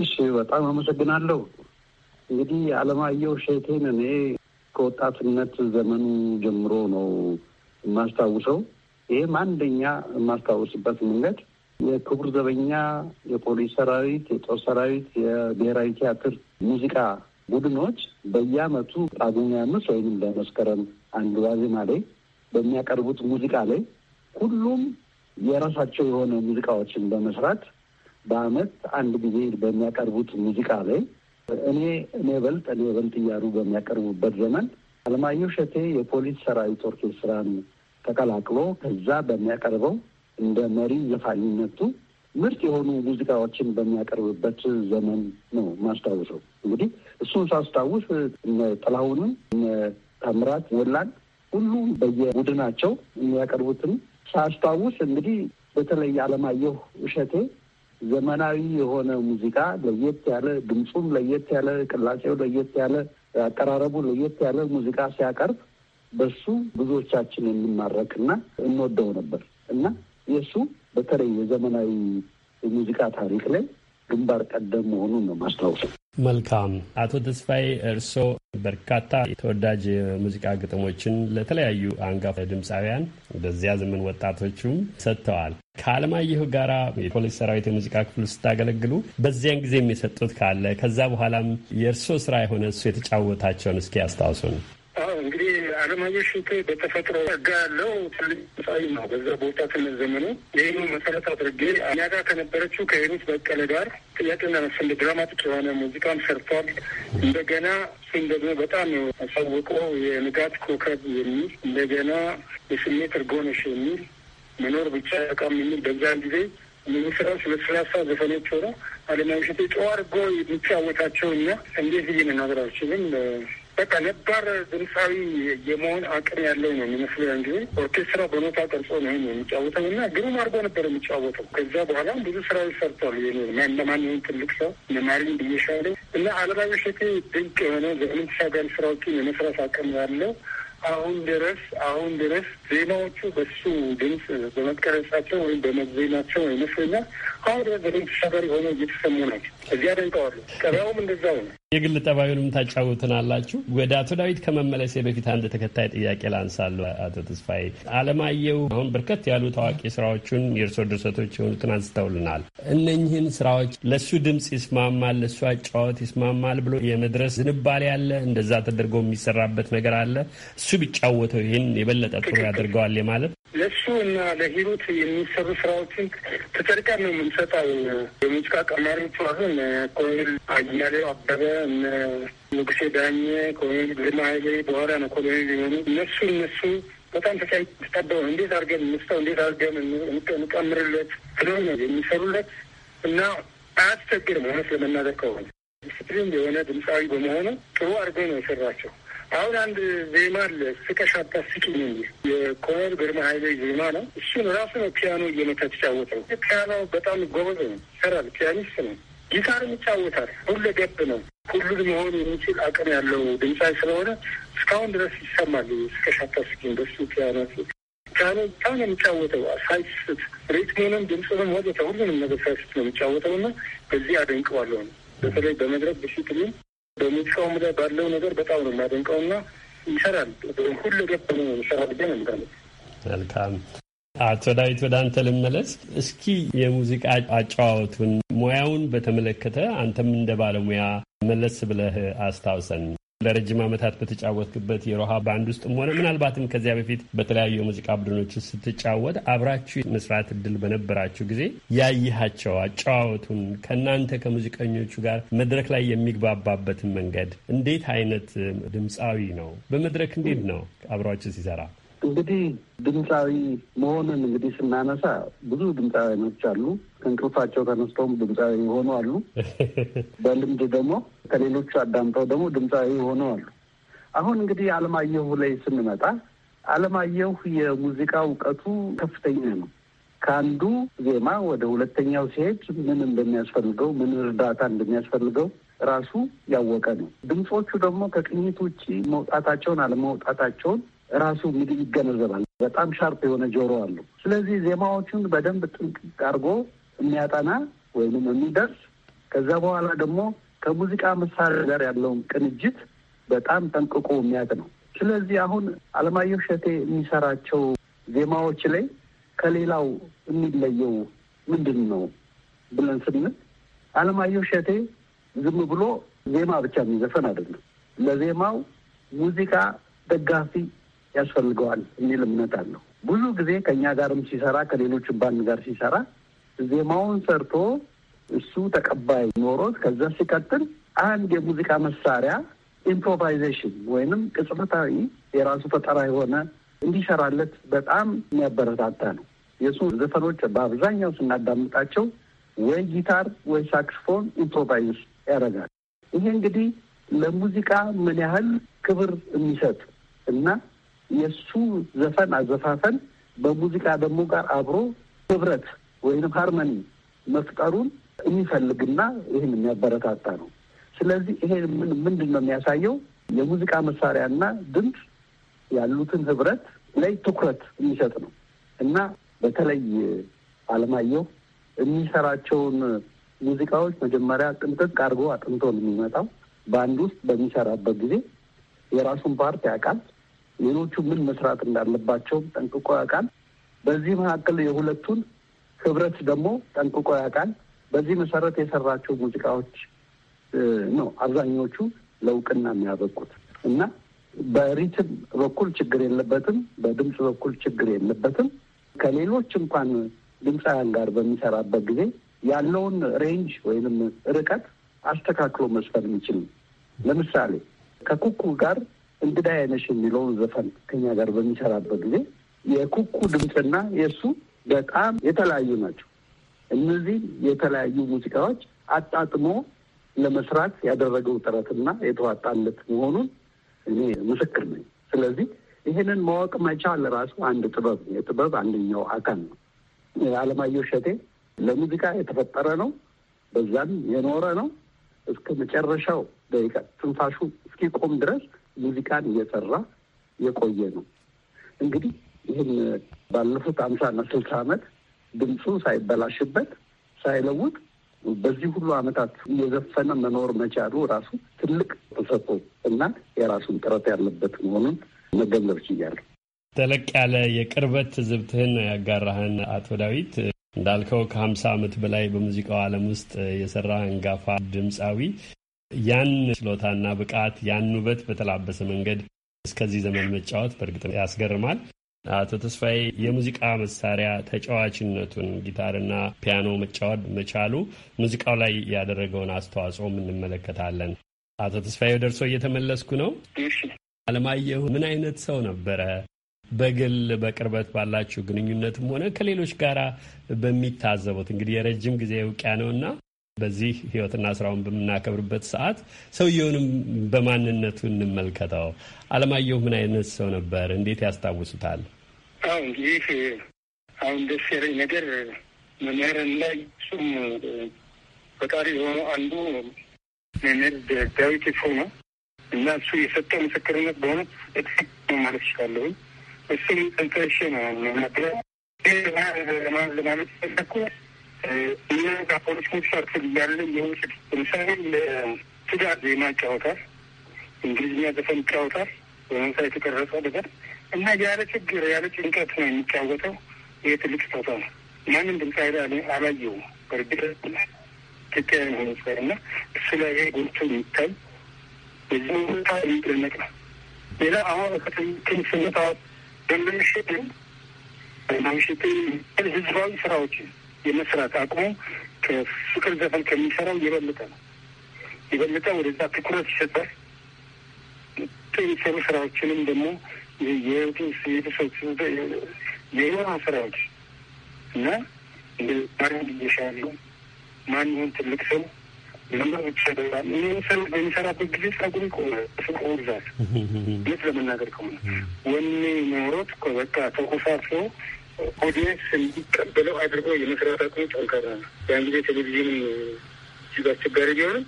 [SPEAKER 4] እሺ፣ በጣም አመሰግናለሁ። እንግዲህ አለማየሁ ሼቴን እኔ ከወጣትነት ዘመኑ ጀምሮ ነው የማስታውሰው። ይህም አንደኛ የማስታውስበት መንገድ የክቡር ዘበኛ፣ የፖሊስ ሰራዊት፣ የጦር ሰራዊት፣ የብሔራዊ ቲያትር ሙዚቃ ቡድኖች በየአመቱ ጳጉሜ አምስት ወይም ለመስከረም አንዱ ዋዜማ ላይ በሚያቀርቡት ሙዚቃ ላይ ሁሉም የራሳቸው የሆነ ሙዚቃዎችን በመስራት በአመት አንድ ጊዜ በሚያቀርቡት ሙዚቃ ላይ እኔ እኔ በልጥ እኔ በልጥ እያሉ በሚያቀርቡበት ዘመን አለማየሁ እሸቴ የፖሊስ ሰራዊት ኦርኬስትራን ተቀላቅሎ ከዛ በሚያቀርበው እንደ መሪ ዘፋኝነቱ ምርጥ የሆኑ ሙዚቃዎችን በሚያቀርብበት ዘመን ነው ማስታውሰው። እንግዲህ እሱን ሳስታውስ ጥላሁንም ታምራት ወላን ሁሉ በየቡድናቸው የሚያቀርቡትን ሳስታውስ እንግዲህ በተለይ አለማየሁ እሸቴ ዘመናዊ የሆነ ሙዚቃ ለየት ያለ ድምፁም ለየት ያለ ቅላጼው ለየት ያለ አቀራረቡ ለየት ያለ ሙዚቃ ሲያቀርብ በሱ ብዙዎቻችን የሚማረክ እና እንወደው ነበር እና የእሱ በተለይ የዘመናዊ ሙዚቃ ታሪክ ላይ ግንባር ቀደም መሆኑን ነው ማስታውሰው።
[SPEAKER 2] መልካም አቶ ተስፋዬ እርስዎ በርካታ ተወዳጅ የሙዚቃ ግጥሞችን ለተለያዩ አንጋፋ ድምፃውያን በዚያ ዘመን ወጣቶችም ሰጥተዋል። ከአለማየሁ ጋር የፖሊስ ሰራዊት የሙዚቃ ክፍል ስታገለግሉ በዚያን ጊዜ የሚሰጡት ካለ ከዛ በኋላም የእርስዎ ስራ የሆነ እሱ የተጫወታቸውን እስኪ ያስታውሱን።
[SPEAKER 4] አዎ እንግዲህ አለማየሁ እሸቴ በተፈጥሮ ጸጋ ያለው ትልቅ ጻይ ነው። በዛ በወጣትነት ዘመኑ ይህኑ መሰረት አድርጌ እኛ ጋር ከነበረችው ከሄሩት በቀለ ጋር ጥያቄና መልስ ድራማቲክ የሆነ ሙዚቃም ሰርቷል። እንደገና እሱም ደግሞ በጣም አሳውቆ የንጋት ኮከብ የሚል እንደገና የስሜት እርጎነሽ የሚል መኖር ብቻ ያቃም የሚል በዛን ጊዜ የሚስራዎች ለስላሳ ዘፈኖች ሆነ አለማየሁ እሸቴ ጨዋ አድርጎ የሚጫወታቸው እና እንዴት ይህን ልነግር አልችልም። በቃ ነባር ድምፃዊ የመሆን አቅም ያለው ነው የሚመስለው። እንጂ ኦርኬስትራ በኖታ ቀርጾ ነው የሚጫወተው እና ግሩም አድርጎ ነበር የሚጫወተው። ከዛ በኋላ ብዙ ስራዎች ሰርቷል። ለማንኛውም ትልቅ ሰው ለማሪን ብዬሻለሁ እና አለባዊ እሸቴ ድንቅ የሆነ ዘመን ተሻጋሪ ስራዎችን የመስራት አቅም ያለው አሁን ድረስ አሁን ድረስ ዜናዎቹ በሱ ድምፅ በመቀረጻቸው ወይም በመዜናቸው ይመስለኛል አሁን ድረስ በድምፅ ተሻጋሪ ሆነው እየተሰሙ ናቸው። እዚያ ደንቀዋሉ። ጠባዩም እንደዛው ነው።
[SPEAKER 2] የግል ጠባዩንም ታጫውትናላችሁ። ወደ አቶ ዳዊት ከመመለሴ በፊት አንድ ተከታይ ጥያቄ ላንሳሉ። አቶ ተስፋዬ አለማየሁ አሁን በርከት ያሉ ታዋቂ ስራዎቹን የእርሶ ድርሰቶች የሆኑትን አንስተውልናል። እነኝህን ስራዎች ለእሱ ድምፅ ይስማማል፣ ለእሱ አጫወት ይስማማል ብሎ የመድረስ ዝንባሌ አለ። እንደዛ ተደርጎ የሚሰራበት ነገር አለ። እሱ ቢጫወተው ይህን የበለጠ ጥሩ ያደርገዋል ማለት
[SPEAKER 4] ለእሱ እና ለሂሩት የሚሰሩ ስራዎችን ተጨርቀን ነው የምንሰጠው። የሙዚቃ ቀማሪዎቹ አሁን እነ ኮሎኔል አያሌው አበበ እነ ንጉሴ ዳኘ፣ ኮሎኔል ግርማ ኃይሌ በኋላ ነው ኮሎኔል የሆኑ እነሱ እነሱ በጣም ተጠበው እንዴት አድርገን እንስጠው እንዴት አድርገን እንቀምርለት ብለው ነው የሚሰሩለት እና አያስቸግርም። እውነት ለመናገር ከሆነ ዲስፕሊን የሆነ ድምፃዊ በመሆኑ ጥሩ አድርጎ ነው የሰራቸው። አሁን አንድ ዜማ አለ ስቀሽ አታስቂኝ የሚል የኮሎኔል ግርማ ኃይሌ ዜማ ነው። እሱን ራሱ ነው ፒያኖ እየመታ ተጫወተው። ፒያኖ በጣም ጎበዝ ነው፣ ይሰራል፣ ፒያኒስት ነው። ጊታርም ይጫወታል። ሁለ ገብ ነው። ሁሉን መሆን የሚችል አቅም ያለው ድምፃዊ ስለሆነ እስካሁን ድረስ ይሰማሉ። እስከ ሻታስኪን በሱ ፒያኖት ፒያኖ በጣም ነው የሚጫወተው ሳይስት፣ ሪትሙንም ድምፅንም ወዘተ ሁሉንም ነገር ሳይስት ነው የሚጫወተው እና በዚህ አደንቀዋለሁ ነው በተለይ በመድረክ ዲሲፕሊን፣ በሙዚቃውም ላይ ባለው ነገር በጣም ነው የማደንቀው እና ይሰራል። ሁለ ገብ ነው ይሰራል ብዬ ነው ምጋለ
[SPEAKER 2] መልካም አቶ ዳዊት ወደ አንተ ልመለስ። እስኪ የሙዚቃ አጫዋወቱን ሙያውን በተመለከተ አንተም እንደ ባለሙያ መለስ ብለህ አስታውሰን። ለረጅም ዓመታት በተጫወትክበት የሮሃ ባንድ ውስጥም ሆነ ምናልባትም ከዚያ በፊት በተለያዩ የሙዚቃ ቡድኖች ስትጫወት አብራችሁ መስራት እድል በነበራችሁ ጊዜ ያየሃቸው አጫዋወቱን ከእናንተ ከሙዚቀኞቹ ጋር መድረክ ላይ የሚግባባበትን መንገድ እንዴት አይነት ድምፃዊ ነው? በመድረክ እንዴት ነው አብሯችሁ ሲሰራ
[SPEAKER 4] እንግዲህ ድምፃዊ መሆንን እንግዲህ ስናነሳ ብዙ ድምፃዊያኖች አሉ። ከእንቅልፋቸው ተነስተውም ድምፃዊ የሆኑ አሉ። በልምድ ደግሞ ከሌሎቹ አዳምጠው ደግሞ ድምፃዊ የሆኑ አሉ። አሁን እንግዲህ አለማየሁ ላይ ስንመጣ አለማየሁ የሙዚቃ እውቀቱ ከፍተኛ ነው። ከአንዱ ዜማ ወደ ሁለተኛው ሲሄድ ምን እንደሚያስፈልገው ምን እርዳታ እንደሚያስፈልገው ራሱ ያወቀ ነው። ድምፆቹ ደግሞ ከቅኝት ውጭ መውጣታቸውን አለመውጣታቸውን ራሱ እንግዲህ ይገነዘባል። በጣም ሻርፕ የሆነ ጆሮ አለው። ስለዚህ ዜማዎቹን በደንብ ጥንቅቅ አድርጎ የሚያጠና ወይንም የሚደርስ ከዛ በኋላ ደግሞ ከሙዚቃ መሳሪያ ጋር ያለውን ቅንጅት በጣም ጠንቅቆ የሚያቅ ነው። ስለዚህ አሁን አለማየሁ እሸቴ የሚሰራቸው ዜማዎች ላይ ከሌላው የሚለየው ምንድን ነው ብለን ስንል አለማየሁ እሸቴ ዝም ብሎ ዜማ ብቻ የሚዘፈን አይደለም። ለዜማው ሙዚቃ ደጋፊ ያስፈልገዋል የሚል እምነት አለው። ብዙ ጊዜ ከእኛ ጋርም ሲሰራ ከሌሎች ባንድ ጋር ሲሰራ ዜማውን ሰርቶ እሱ ተቀባይ ኖሮት ከዛ ሲቀጥል አንድ የሙዚቃ መሳሪያ ኢምፕሮቫይዜሽን ወይንም ቅጽበታዊ የራሱ ፈጠራ የሆነ እንዲሰራለት በጣም የሚያበረታታ ነው። የእሱ ዘፈኖች በአብዛኛው ስናዳምጣቸው ወይ ጊታር ወይ ሳክስፎን ኢምፕሮቫይዝ ያደርጋል። ይሄ እንግዲህ ለሙዚቃ ምን ያህል ክብር የሚሰጥ እና የእሱ ዘፈን አዘፋፈን በሙዚቃ ደግሞ ጋር አብሮ ህብረት ወይም ሃርመኒ መፍጠሩን የሚፈልግና ይህን የሚያበረታታ ነው። ስለዚህ ይሄ ምን ምንድን ነው የሚያሳየው? የሙዚቃ መሳሪያና ድምፅ ያሉትን ህብረት ላይ ትኩረት የሚሰጥ ነው እና በተለይ አለማየሁ የሚሰራቸውን ሙዚቃዎች መጀመሪያ ጥንጥቅ አድርጎ አጥንቶ ነው የሚመጣው። በአንድ ውስጥ በሚሰራበት ጊዜ የራሱን ፓርት ያውቃል። ሌሎቹ ምን መስራት እንዳለባቸውም ጠንቅቆ ያውቃል። በዚህ መካከል የሁለቱን ህብረት ደግሞ ጠንቅቆ ያውቃል። በዚህ መሰረት የሰራቸው ሙዚቃዎች ነው አብዛኞቹ ለእውቅና የሚያበቁት እና በሪትም በኩል ችግር የለበትም፣ በድምፅ በኩል ችግር የለበትም። ከሌሎች እንኳን ድምፃውያን ጋር በሚሰራበት ጊዜ ያለውን ሬንጅ ወይንም ርቀት አስተካክሎ መስፈር የሚችል ለምሳሌ ከኩኩ ጋር እንግዳ አይነሽ የሚለውን ዘፈን ከኛ ጋር በሚሰራበት ጊዜ የኩኩ ድምፅና የእሱ በጣም የተለያዩ ናቸው። እነዚህ የተለያዩ ሙዚቃዎች አጣጥሞ ለመስራት ያደረገው ጥረትና የተዋጣለት መሆኑን እኔ ምስክር ነኝ። ስለዚህ ይህንን ማወቅ መቻል ራሱ አንድ ጥበብ ነው። የጥበብ አንደኛው አካል ነው። አለማየሁ እሸቴ ለሙዚቃ የተፈጠረ ነው። በዛም የኖረ ነው። እስከ መጨረሻው ደቂቃ ትንፋሹ እስኪቆም ድረስ ሙዚቃን እየሰራ የቆየ ነው። እንግዲህ ይህን ባለፉት አምሳና ስልሳ ዓመት ድምፁ ሳይበላሽበት ሳይለውጥ በዚህ ሁሉ ዓመታት እየዘፈነ መኖር መቻሉ ራሱ ትልቅ ተሰጥቶ እና የራሱን ጥረት ያለበት መሆኑን መገንዘብ ችያለሁ።
[SPEAKER 2] ተለቅ ያለ የቅርበት ትዝብትህን ያጋራህን አቶ ዳዊት እንዳልከው ከሀምሳ ዓመት በላይ በሙዚቃው ዓለም ውስጥ የሰራ አንጋፋ ድምፃዊ ያን ችሎታና ብቃት ያን ውበት በተላበሰ መንገድ እስከዚህ ዘመን መጫወት በእርግጥ ያስገርማል። አቶ ተስፋዬ የሙዚቃ መሳሪያ ተጫዋችነቱን ጊታርና ፒያኖ መጫወት መቻሉ ሙዚቃው ላይ ያደረገውን አስተዋጽኦም እንመለከታለን። አቶ ተስፋዬ ደርሶ እየተመለስኩ ነው። አለማየሁ ምን አይነት ሰው ነበረ? በግል በቅርበት ባላችሁ ግንኙነትም ሆነ ከሌሎች ጋራ በሚታዘቡት እንግዲህ የረጅም ጊዜ እውቅያ ነውና በዚህ ህይወትና ስራውን በምናከብርበት ሰዓት ሰውየውንም በማንነቱ እንመልከተው። አለማየሁ ምን አይነት ሰው ነበር? እንዴት ያስታውሱታል?
[SPEAKER 4] አሁ እንግዲህ አሁን ደስ ያለኝ ነገር መምህርን ላይ እሱም ፈጣሪ የሆነ አንዱ መምህር ዳዊት ይፎ ነው እና እሱ የሰጠው ምስክርነት በሆነ ነው ማለት ይችላለሁ። እሱም ጠንጠሽ ነው ለማለት ለማለት እኛ ከፖለቲካ ክፍል እያለ የውስጥ ለምሳሌ ለትዳር ዜማ ይጫወታል፣ እንግሊዝኛ ዘፈን ይጫወታል፣ በመንሳይ የተቀረጸ ነገር እና ያለ ችግር ያለ ጭንቀት ነው የሚጫወተው። ይህ ትልቅ ስጦታ ነው። ማንም ድምፃዊ አላየው በእርግጥ ኢትዮጵያ ሚኒስተር እና እሱ ላይ ጎልቶ የሚታይ የዚህ ቦታ የሚደነቅ ነው። ሌላ አሁን ክትንስነት ደምምሽት ደምምሽት ህዝባዊ ስራዎችን የመስራት አቅሙ ከፍቅር ዘፈን ከሚሰራው የበለጠ ነው። የበለጠ ወደዛ ትኩረት ይሰጣል። ጥሩ ስራዎችንም ደግሞ የቤተሰብ የህዋ ስራዎች እና እንደ ማን እየሻሉ ማን ይሁን ትልቅ ሰው ለምበር ብቻ በሚሰራበት ጊዜ ጸጉር ይቆማል። ስቆ ብዛት ነት ለመናገር ከሆነ ወኔ ኖሮት በቃ ተኮሳሶ ኦዲየንስ እንዲቀበለው አድርጎ የመስራት አቅሙ ጠንካራ ነው። ያን ጊዜ ቴሌቪዥንም እጅግ አስቸጋሪ ቢሆንም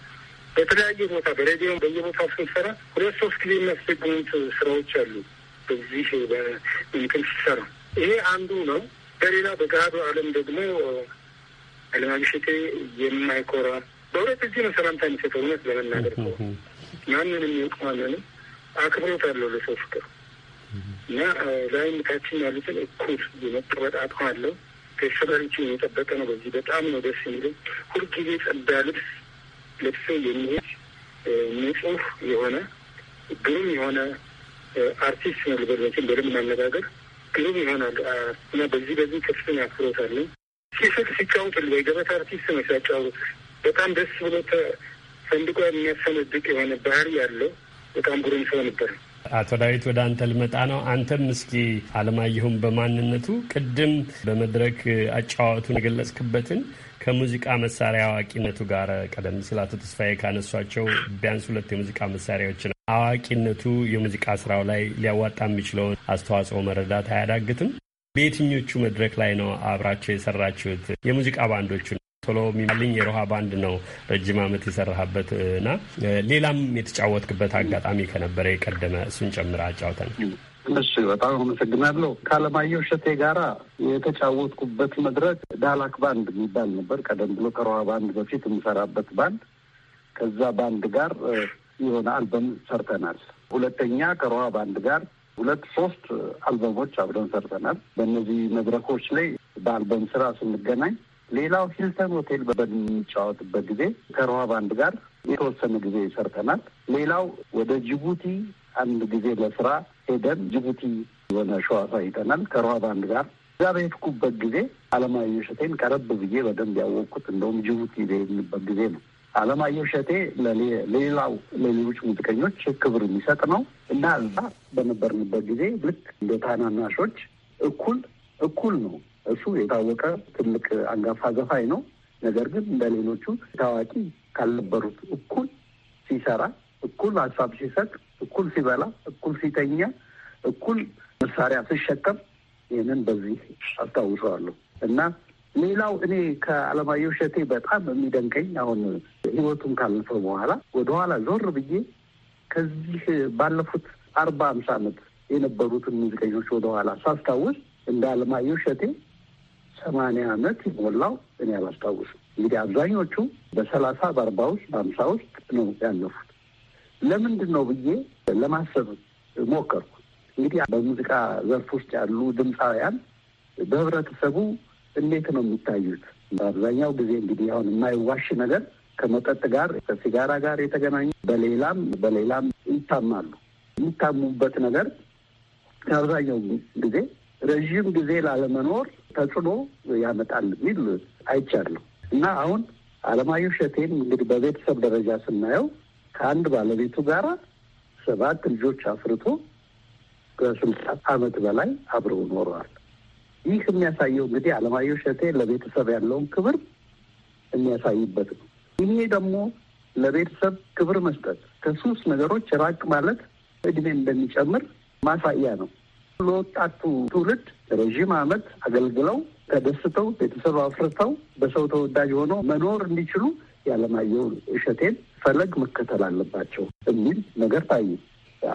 [SPEAKER 4] በተለያየ ቦታ በሬዲዮ በየቦታ ስንሰራ ሁለት ሶስት ጊዜ የሚያስደግሙት ስራዎች አሉ። በዚህ በምክን ሲሰራ ይሄ አንዱ ነው። በሌላ በገሃዱ ዓለም ደግሞ አለማግሸቴ የማይኮራ በሁለት እዚህ ነው ሰላምታ የሚሰጠው እውነት ለመናገር ማንንም ይውቅ ማንንም አክብሮት አለው ለሰው ፍቅር እና ላይም ታችን ያሉትን እኩል የመቀበጥ አቅም አለው። ከሰበሪችን የጠበቀ ነው። በዚህ በጣም ነው ደስ የሚለኝ። ሁልጊዜ ጸዳ ልብስ ልብሰ የሚሄድ ንጹህ የሆነ ግሩም የሆነ አርቲስት ነው ልበል መቼም በደንብ ማነጋገር ግሩም ይሆናል እና በዚህ በዚህ ከፍተኛ አክብሮት አለኝ። ሲስቅ ሲጫወት ልበ አርቲስት ነው ሲያጫወት በጣም ደስ ብሎ ተፈንድቆ የሚያሰነድቅ የሆነ ባህሪ ያለው በጣም ግሩም ሰው ነበር።
[SPEAKER 2] አቶ ዳዊት ወደ አንተ ልመጣ ነው። አንተም እስኪ አለማየሁም በማንነቱ ቅድም በመድረክ አጫዋቱን የገለጽክበትን ከሙዚቃ መሳሪያ አዋቂነቱ ጋር ቀደም ሲል አቶ ተስፋዬ ካነሷቸው ቢያንስ ሁለት የሙዚቃ መሳሪያዎች ነው። አዋቂነቱ የሙዚቃ ስራው ላይ ሊያዋጣ የሚችለውን አስተዋጽኦ መረዳት አያዳግትም። በየትኞቹ መድረክ ላይ ነው አብራቸው የሰራችሁት? የሙዚቃ ባንዶቹን ቶሎ የሚመልኝ የሮሃ ባንድ ነው ረጅም ዓመት የሰራህበት እና ሌላም የተጫወትክበት አጋጣሚ ከነበረ የቀደመ እሱን ጨምረ አጫውተን።
[SPEAKER 4] እሺ፣ በጣም አመሰግናለሁ። ከአለማየሁ እሸቴ ጋራ የተጫወትኩበት መድረክ ዳላክ ባንድ የሚባል ነበር። ቀደም ብሎ ከሮሃ ባንድ በፊት የምሰራበት ባንድ፣ ከዛ ባንድ ጋር የሆነ አልበም ሰርተናል። ሁለተኛ ከሮሃ ባንድ ጋር ሁለት ሶስት አልበሞች አብረን ሰርተናል። በእነዚህ መድረኮች ላይ በአልበም ስራ ስንገናኝ ሌላው ሂልተን ሆቴል በሚጫወትበት ጊዜ ከሮሃ ባንድ ጋር የተወሰነ ጊዜ ሰርተናል። ሌላው ወደ ጅቡቲ አንድ ጊዜ ለስራ ሄደን ጅቡቲ የሆነ ሸዋ አሳይተናል ከሮሃ ባንድ ጋር። እዛ በሄድኩበት ጊዜ አለማየሁ እሸቴን ቀረብ ብዬ በደንብ ያወቅኩት እንደውም ጅቡቲ በሄድንበት ጊዜ ነው። አለማየሁ እሸቴ ለሌላው ለሌሎች ሙዚቀኞች ክብር የሚሰጥ ነው እና እዛ በነበርንበት ጊዜ ልክ እንደ ታናናሾች እኩል እኩል ነው እሱ የታወቀ ትልቅ አንጋፋ ዘፋኝ ነው። ነገር ግን እንደ ሌሎቹ ታዋቂ ካልነበሩት እኩል ሲሰራ፣ እኩል ሀሳብ ሲሰጥ፣ እኩል ሲበላ፣ እኩል ሲተኛ፣ እኩል መሳሪያ ሲሸከም ይህንን በዚህ አስታውሰዋለሁ እና ሌላው እኔ ከአለማየሁ እሸቴ በጣም የሚደንቀኝ አሁን ህይወቱን ካለፈ በኋላ ወደኋላ ዞር ብዬ ከዚህ ባለፉት አርባ አምሳ ዓመት የነበሩትን ሙዚቀኞች ወደኋላ ሳስታውስ እንደ አለማየሁ እሸቴ ሰማንያ ዓመት የሞላው እኔ አላስታውስም። እንግዲህ አብዛኞቹ በሰላሳ በአርባ ውስጥ በአምሳ ውስጥ ነው ያለፉት። ለምንድን ነው ብዬ ለማሰብ ሞከርኩ። እንግዲህ በሙዚቃ ዘርፍ ውስጥ ያሉ ድምፃውያን በህብረተሰቡ እንዴት ነው የሚታዩት? በአብዛኛው ጊዜ እንግዲህ አሁን የማይዋሽ ነገር ከመጠጥ ጋር ከሲጋራ ጋር የተገናኙ በሌላም በሌላም ይታማሉ። የሚታሙበት ነገር ከአብዛኛው ጊዜ ረዥም ጊዜ ላለመኖር ተጽዕኖ ያመጣል የሚል አይቻለሁ እና አሁን አለማየሁ ሸቴን እንግዲህ በቤተሰብ ደረጃ ስናየው ከአንድ ባለቤቱ ጋር ሰባት ልጆች አፍርቶ ከስልሳ ዓመት በላይ አብረው ኖረዋል። ይህ የሚያሳየው እንግዲህ አለማየሁ እሸቴ ለቤተሰብ ያለውን ክብር የሚያሳይበት ነው። ይሄ ደግሞ ለቤተሰብ ክብር መስጠት፣ ከሱስ ነገሮች ራቅ ማለት እድሜ እንደሚጨምር ማሳያ ነው። ለወጣቱ ትውልድ ረዥም ዓመት አገልግለው ተደስተው ቤተሰብ አፍርተው በሰው ተወዳጅ ሆነው መኖር እንዲችሉ የአለማየሁ እሸቴን ፈለግ መከተል አለባቸው የሚል ነገር ታዩ።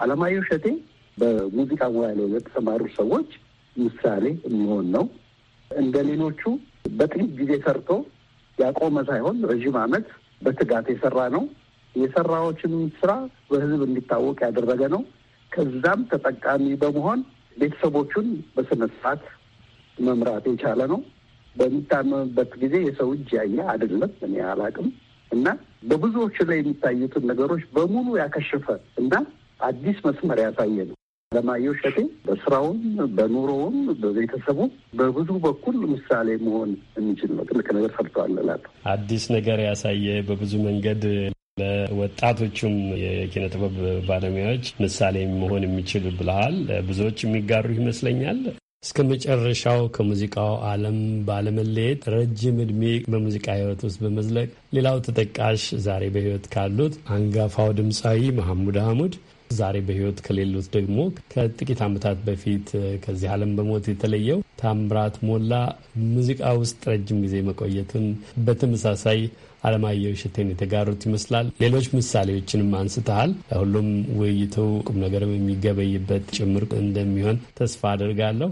[SPEAKER 4] ዓለማየሁ እሸቴ በሙዚቃ ሙያ ላይ ለተሰማሩ ሰዎች ምሳሌ የሚሆን ነው። እንደ ሌሎቹ በጥቂት ጊዜ ሰርቶ ያቆመ ሳይሆን ረዥም ዓመት በትጋት የሰራ ነው። የሰራዎችን ስራ በህዝብ እንዲታወቅ ያደረገ ነው። ከዛም ተጠቃሚ በመሆን ቤተሰቦቹን በስነ ስርዓት መምራት የቻለ ነው። በሚታመምበት ጊዜ የሰው እጅ ያየ አይደለም። እኔ አላቅም እና በብዙዎች ላይ የሚታዩትን ነገሮች በሙሉ ያከሸፈ እና አዲስ መስመር ያሳየ ነው። አለማየሁ እሸቴ በስራውም በኑሮውም በቤተሰቡ በብዙ በኩል ምሳሌ መሆን የሚችል ነው። ትልቅ ነገር ሰርተዋል እላለሁ።
[SPEAKER 2] አዲስ ነገር ያሳየ በብዙ መንገድ ለወጣቶቹም የኪነ ጥበብ ባለሙያዎች ምሳሌ መሆን የሚችል ብለሃል። ብዙዎች የሚጋሩ ይመስለኛል። እስከ መጨረሻው ከሙዚቃው ዓለም ባለመለየት ረጅም እድሜ በሙዚቃ ህይወት ውስጥ በመዝለቅ ሌላው ተጠቃሽ ዛሬ በህይወት ካሉት አንጋፋው ድምፃዊ መሐሙድ አህሙድ ዛሬ በህይወት ከሌሉት ደግሞ ከጥቂት ዓመታት በፊት ከዚህ ዓለም በሞት የተለየው ታምራት ሞላ ሙዚቃ ውስጥ ረጅም ጊዜ መቆየቱን በተመሳሳይ አለማየሁ እሸቴን የተጋሩት ይመስላል። ሌሎች ምሳሌዎችንም አንስተሃል። ሁሉም ውይይቱ ቁም ነገርም የሚገበይበት ጭምር እንደሚሆን ተስፋ አድርጋለሁ።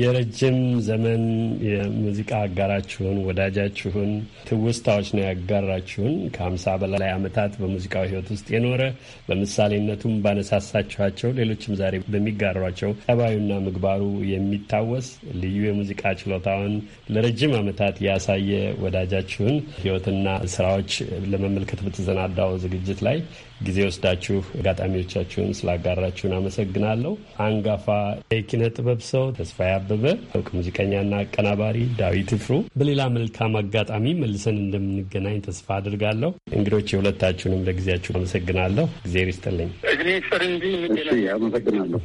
[SPEAKER 2] የረጅም ዘመን የሙዚቃ አጋራችሁን ወዳጃችሁን ትውስታዎች ነው ያጋራችሁን። ከሀምሳ በላይ ዓመታት በሙዚቃው ሕይወት ውስጥ የኖረ በምሳሌነቱም ባነሳሳችኋቸው ሌሎችም ዛሬ በሚጋሯቸው ጠባዩና ምግባሩ የሚታወስ ልዩ የሙዚቃ ችሎታውን ለረጅም ዓመታት ያሳየ ወዳጃችሁን ሕይወትና ስራዎች ለመመልከት በተዘናዳው ዝግጅት ላይ ጊዜ ወስዳችሁ አጋጣሚዎቻችሁን ስላጋራችሁን አመሰግናለሁ። አንጋፋ የኪነ ጥበብ ሰው ተስፋ ያበበ፣ እውቅ ሙዚቀኛና አቀናባሪ ዳዊት ፍሩ፣ በሌላ መልካም አጋጣሚ መልሰን እንደምንገናኝ ተስፋ አድርጋለሁ። እንግዶች የሁለታችሁንም ለጊዜያችሁ አመሰግናለሁ። እግዜር ይስጥልኝ።
[SPEAKER 4] አመሰግናለሁ።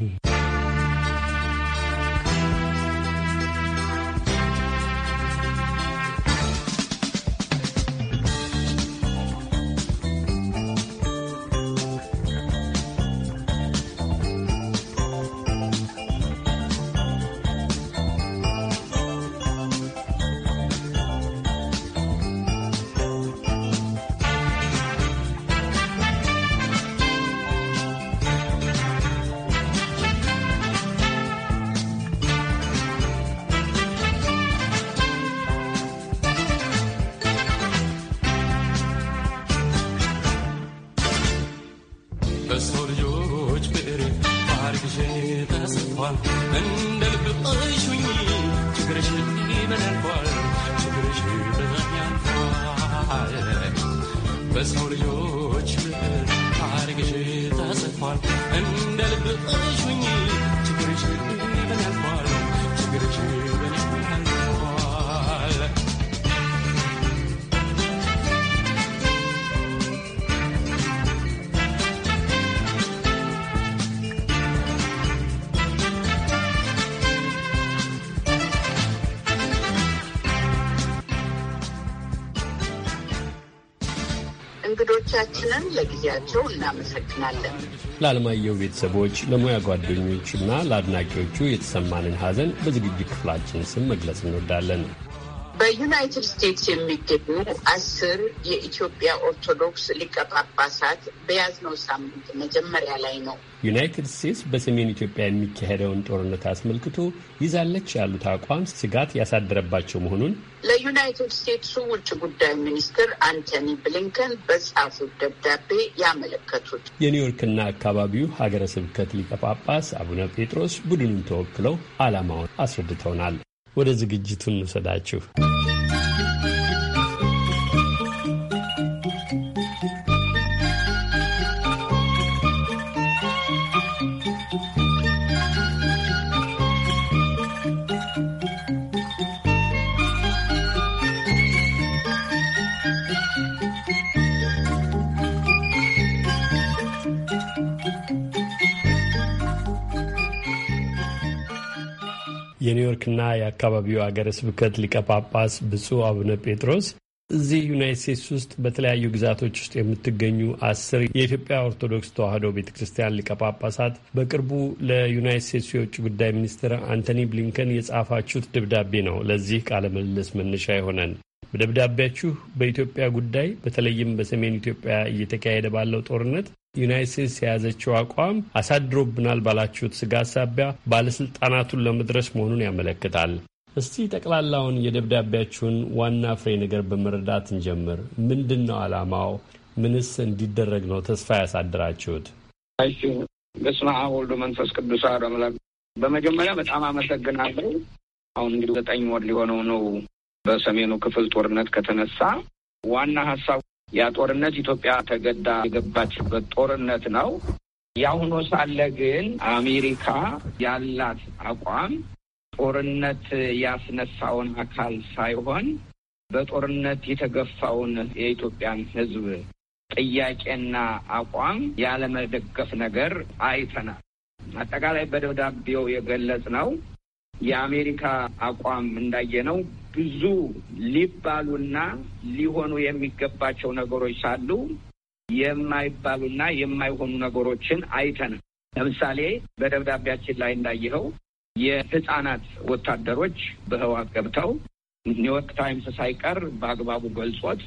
[SPEAKER 2] ልጆች ፍቅር ባርግሽ
[SPEAKER 7] ተሰጥቷል። እንደ ልብ ቀይሹኝ ችግርሽ ይበላልኳል ችግርሽ ያልፋል። በሰው
[SPEAKER 6] ልጆች ፍቅር ባርግሽ ተሰጥቷል። እንደ ልብ ቀይሹኝ
[SPEAKER 7] ችግርሽ ይበላልኳል ችግርሽ ይበላልኳል
[SPEAKER 3] እንግዶቻችንን ለጊዜያቸው እናመሰግናለን።
[SPEAKER 2] ለዓለማየሁ ቤተሰቦች፣ ለሙያ ጓደኞች እና ለአድናቂዎቹ የተሰማንን ሀዘን በዝግጅት ክፍላችን ስም መግለጽ እንወዳለን።
[SPEAKER 3] በዩናይትድ ስቴትስ የሚገኙ አስር የኢትዮጵያ ኦርቶዶክስ ሊቀ ጳጳሳት በያዝነው ሳምንት መጀመሪያ ላይ ነው
[SPEAKER 2] ዩናይትድ ስቴትስ በሰሜን ኢትዮጵያ የሚካሄደውን ጦርነት አስመልክቶ ይዛለች ያሉት አቋም ስጋት ያሳደረባቸው መሆኑን
[SPEAKER 3] ለዩናይትድ ስቴትሱ ውጭ ጉዳይ ሚኒስትር አንቶኒ ብሊንከን በጻፉት ደብዳቤ
[SPEAKER 2] ያመለከቱት የኒውዮርክና አካባቢው ሀገረ ስብከት ሊቀ ጳጳስ አቡነ ጴጥሮስ ቡድኑን ተወክለው ዓላማውን አስረድተውናል። ወደ ዝግጅቱ እንውሰዳችሁ። የኒውዮርክና የአካባቢው አገረ ስብከት ሊቀ ጳጳስ ብፁዕ አቡነ ጴጥሮስ እዚህ ዩናይት ስቴትስ ውስጥ በተለያዩ ግዛቶች ውስጥ የምትገኙ አስር የኢትዮጵያ ኦርቶዶክስ ተዋሕዶ ቤተ ክርስቲያን ሊቀ ጳጳሳት በቅርቡ ለዩናይት ስቴትስ የውጭ ጉዳይ ሚኒስትር አንቶኒ ብሊንከን የጻፋችሁት ደብዳቤ ነው ለዚህ ቃለ ምልልስ መነሻ የሆነን። በደብዳቤያችሁ በኢትዮጵያ ጉዳይ በተለይም በሰሜን ኢትዮጵያ እየተካሄደ ባለው ጦርነት ዩናይት ስቴትስ የያዘችው አቋም አሳድሮብናል ባላችሁት ስጋት ሳቢያ ባለስልጣናቱን ለመድረስ መሆኑን ያመለክታል። እስቲ ጠቅላላውን የደብዳቤያችሁን ዋና ፍሬ ነገር በመረዳት እንጀምር። ምንድን ነው ዓላማው? ምንስ እንዲደረግ ነው ተስፋ ያሳድራችሁት?
[SPEAKER 1] እሺ፣ በስመ አብ መንፈስ ቅዱስ አሐዱ አምላክ። በመጀመሪያ በጣም አመሰግናለሁ። አሁን እንግዲህ ዘጠኝ ወር ሊሆነው ነው በሰሜኑ ክፍል ጦርነት ከተነሳ ዋና ሀሳቡ ያ ጦርነት ኢትዮጵያ ተገዳ የገባችበት ጦርነት ነው። ያ ሳለ ግን አሜሪካ ያላት አቋም ጦርነት ያስነሳውን አካል ሳይሆን በጦርነት የተገፋውን የኢትዮጵያን ሕዝብ ጥያቄና አቋም ያለመደገፍ ነገር አይተናል። አጠቃላይ በደብዳቤው የገለጽ ነው የአሜሪካ አቋም እንዳየ ነው ብዙ ሊባሉና ሊሆኑ የሚገባቸው ነገሮች ሳሉ የማይባሉና የማይሆኑ ነገሮችን አይተናል። ለምሳሌ በደብዳቤያችን ላይ እንዳየኸው የህጻናት ወታደሮች በህዋት ገብተው ኒውዮርክ ታይምስ ሳይቀር በአግባቡ ገልጾት፣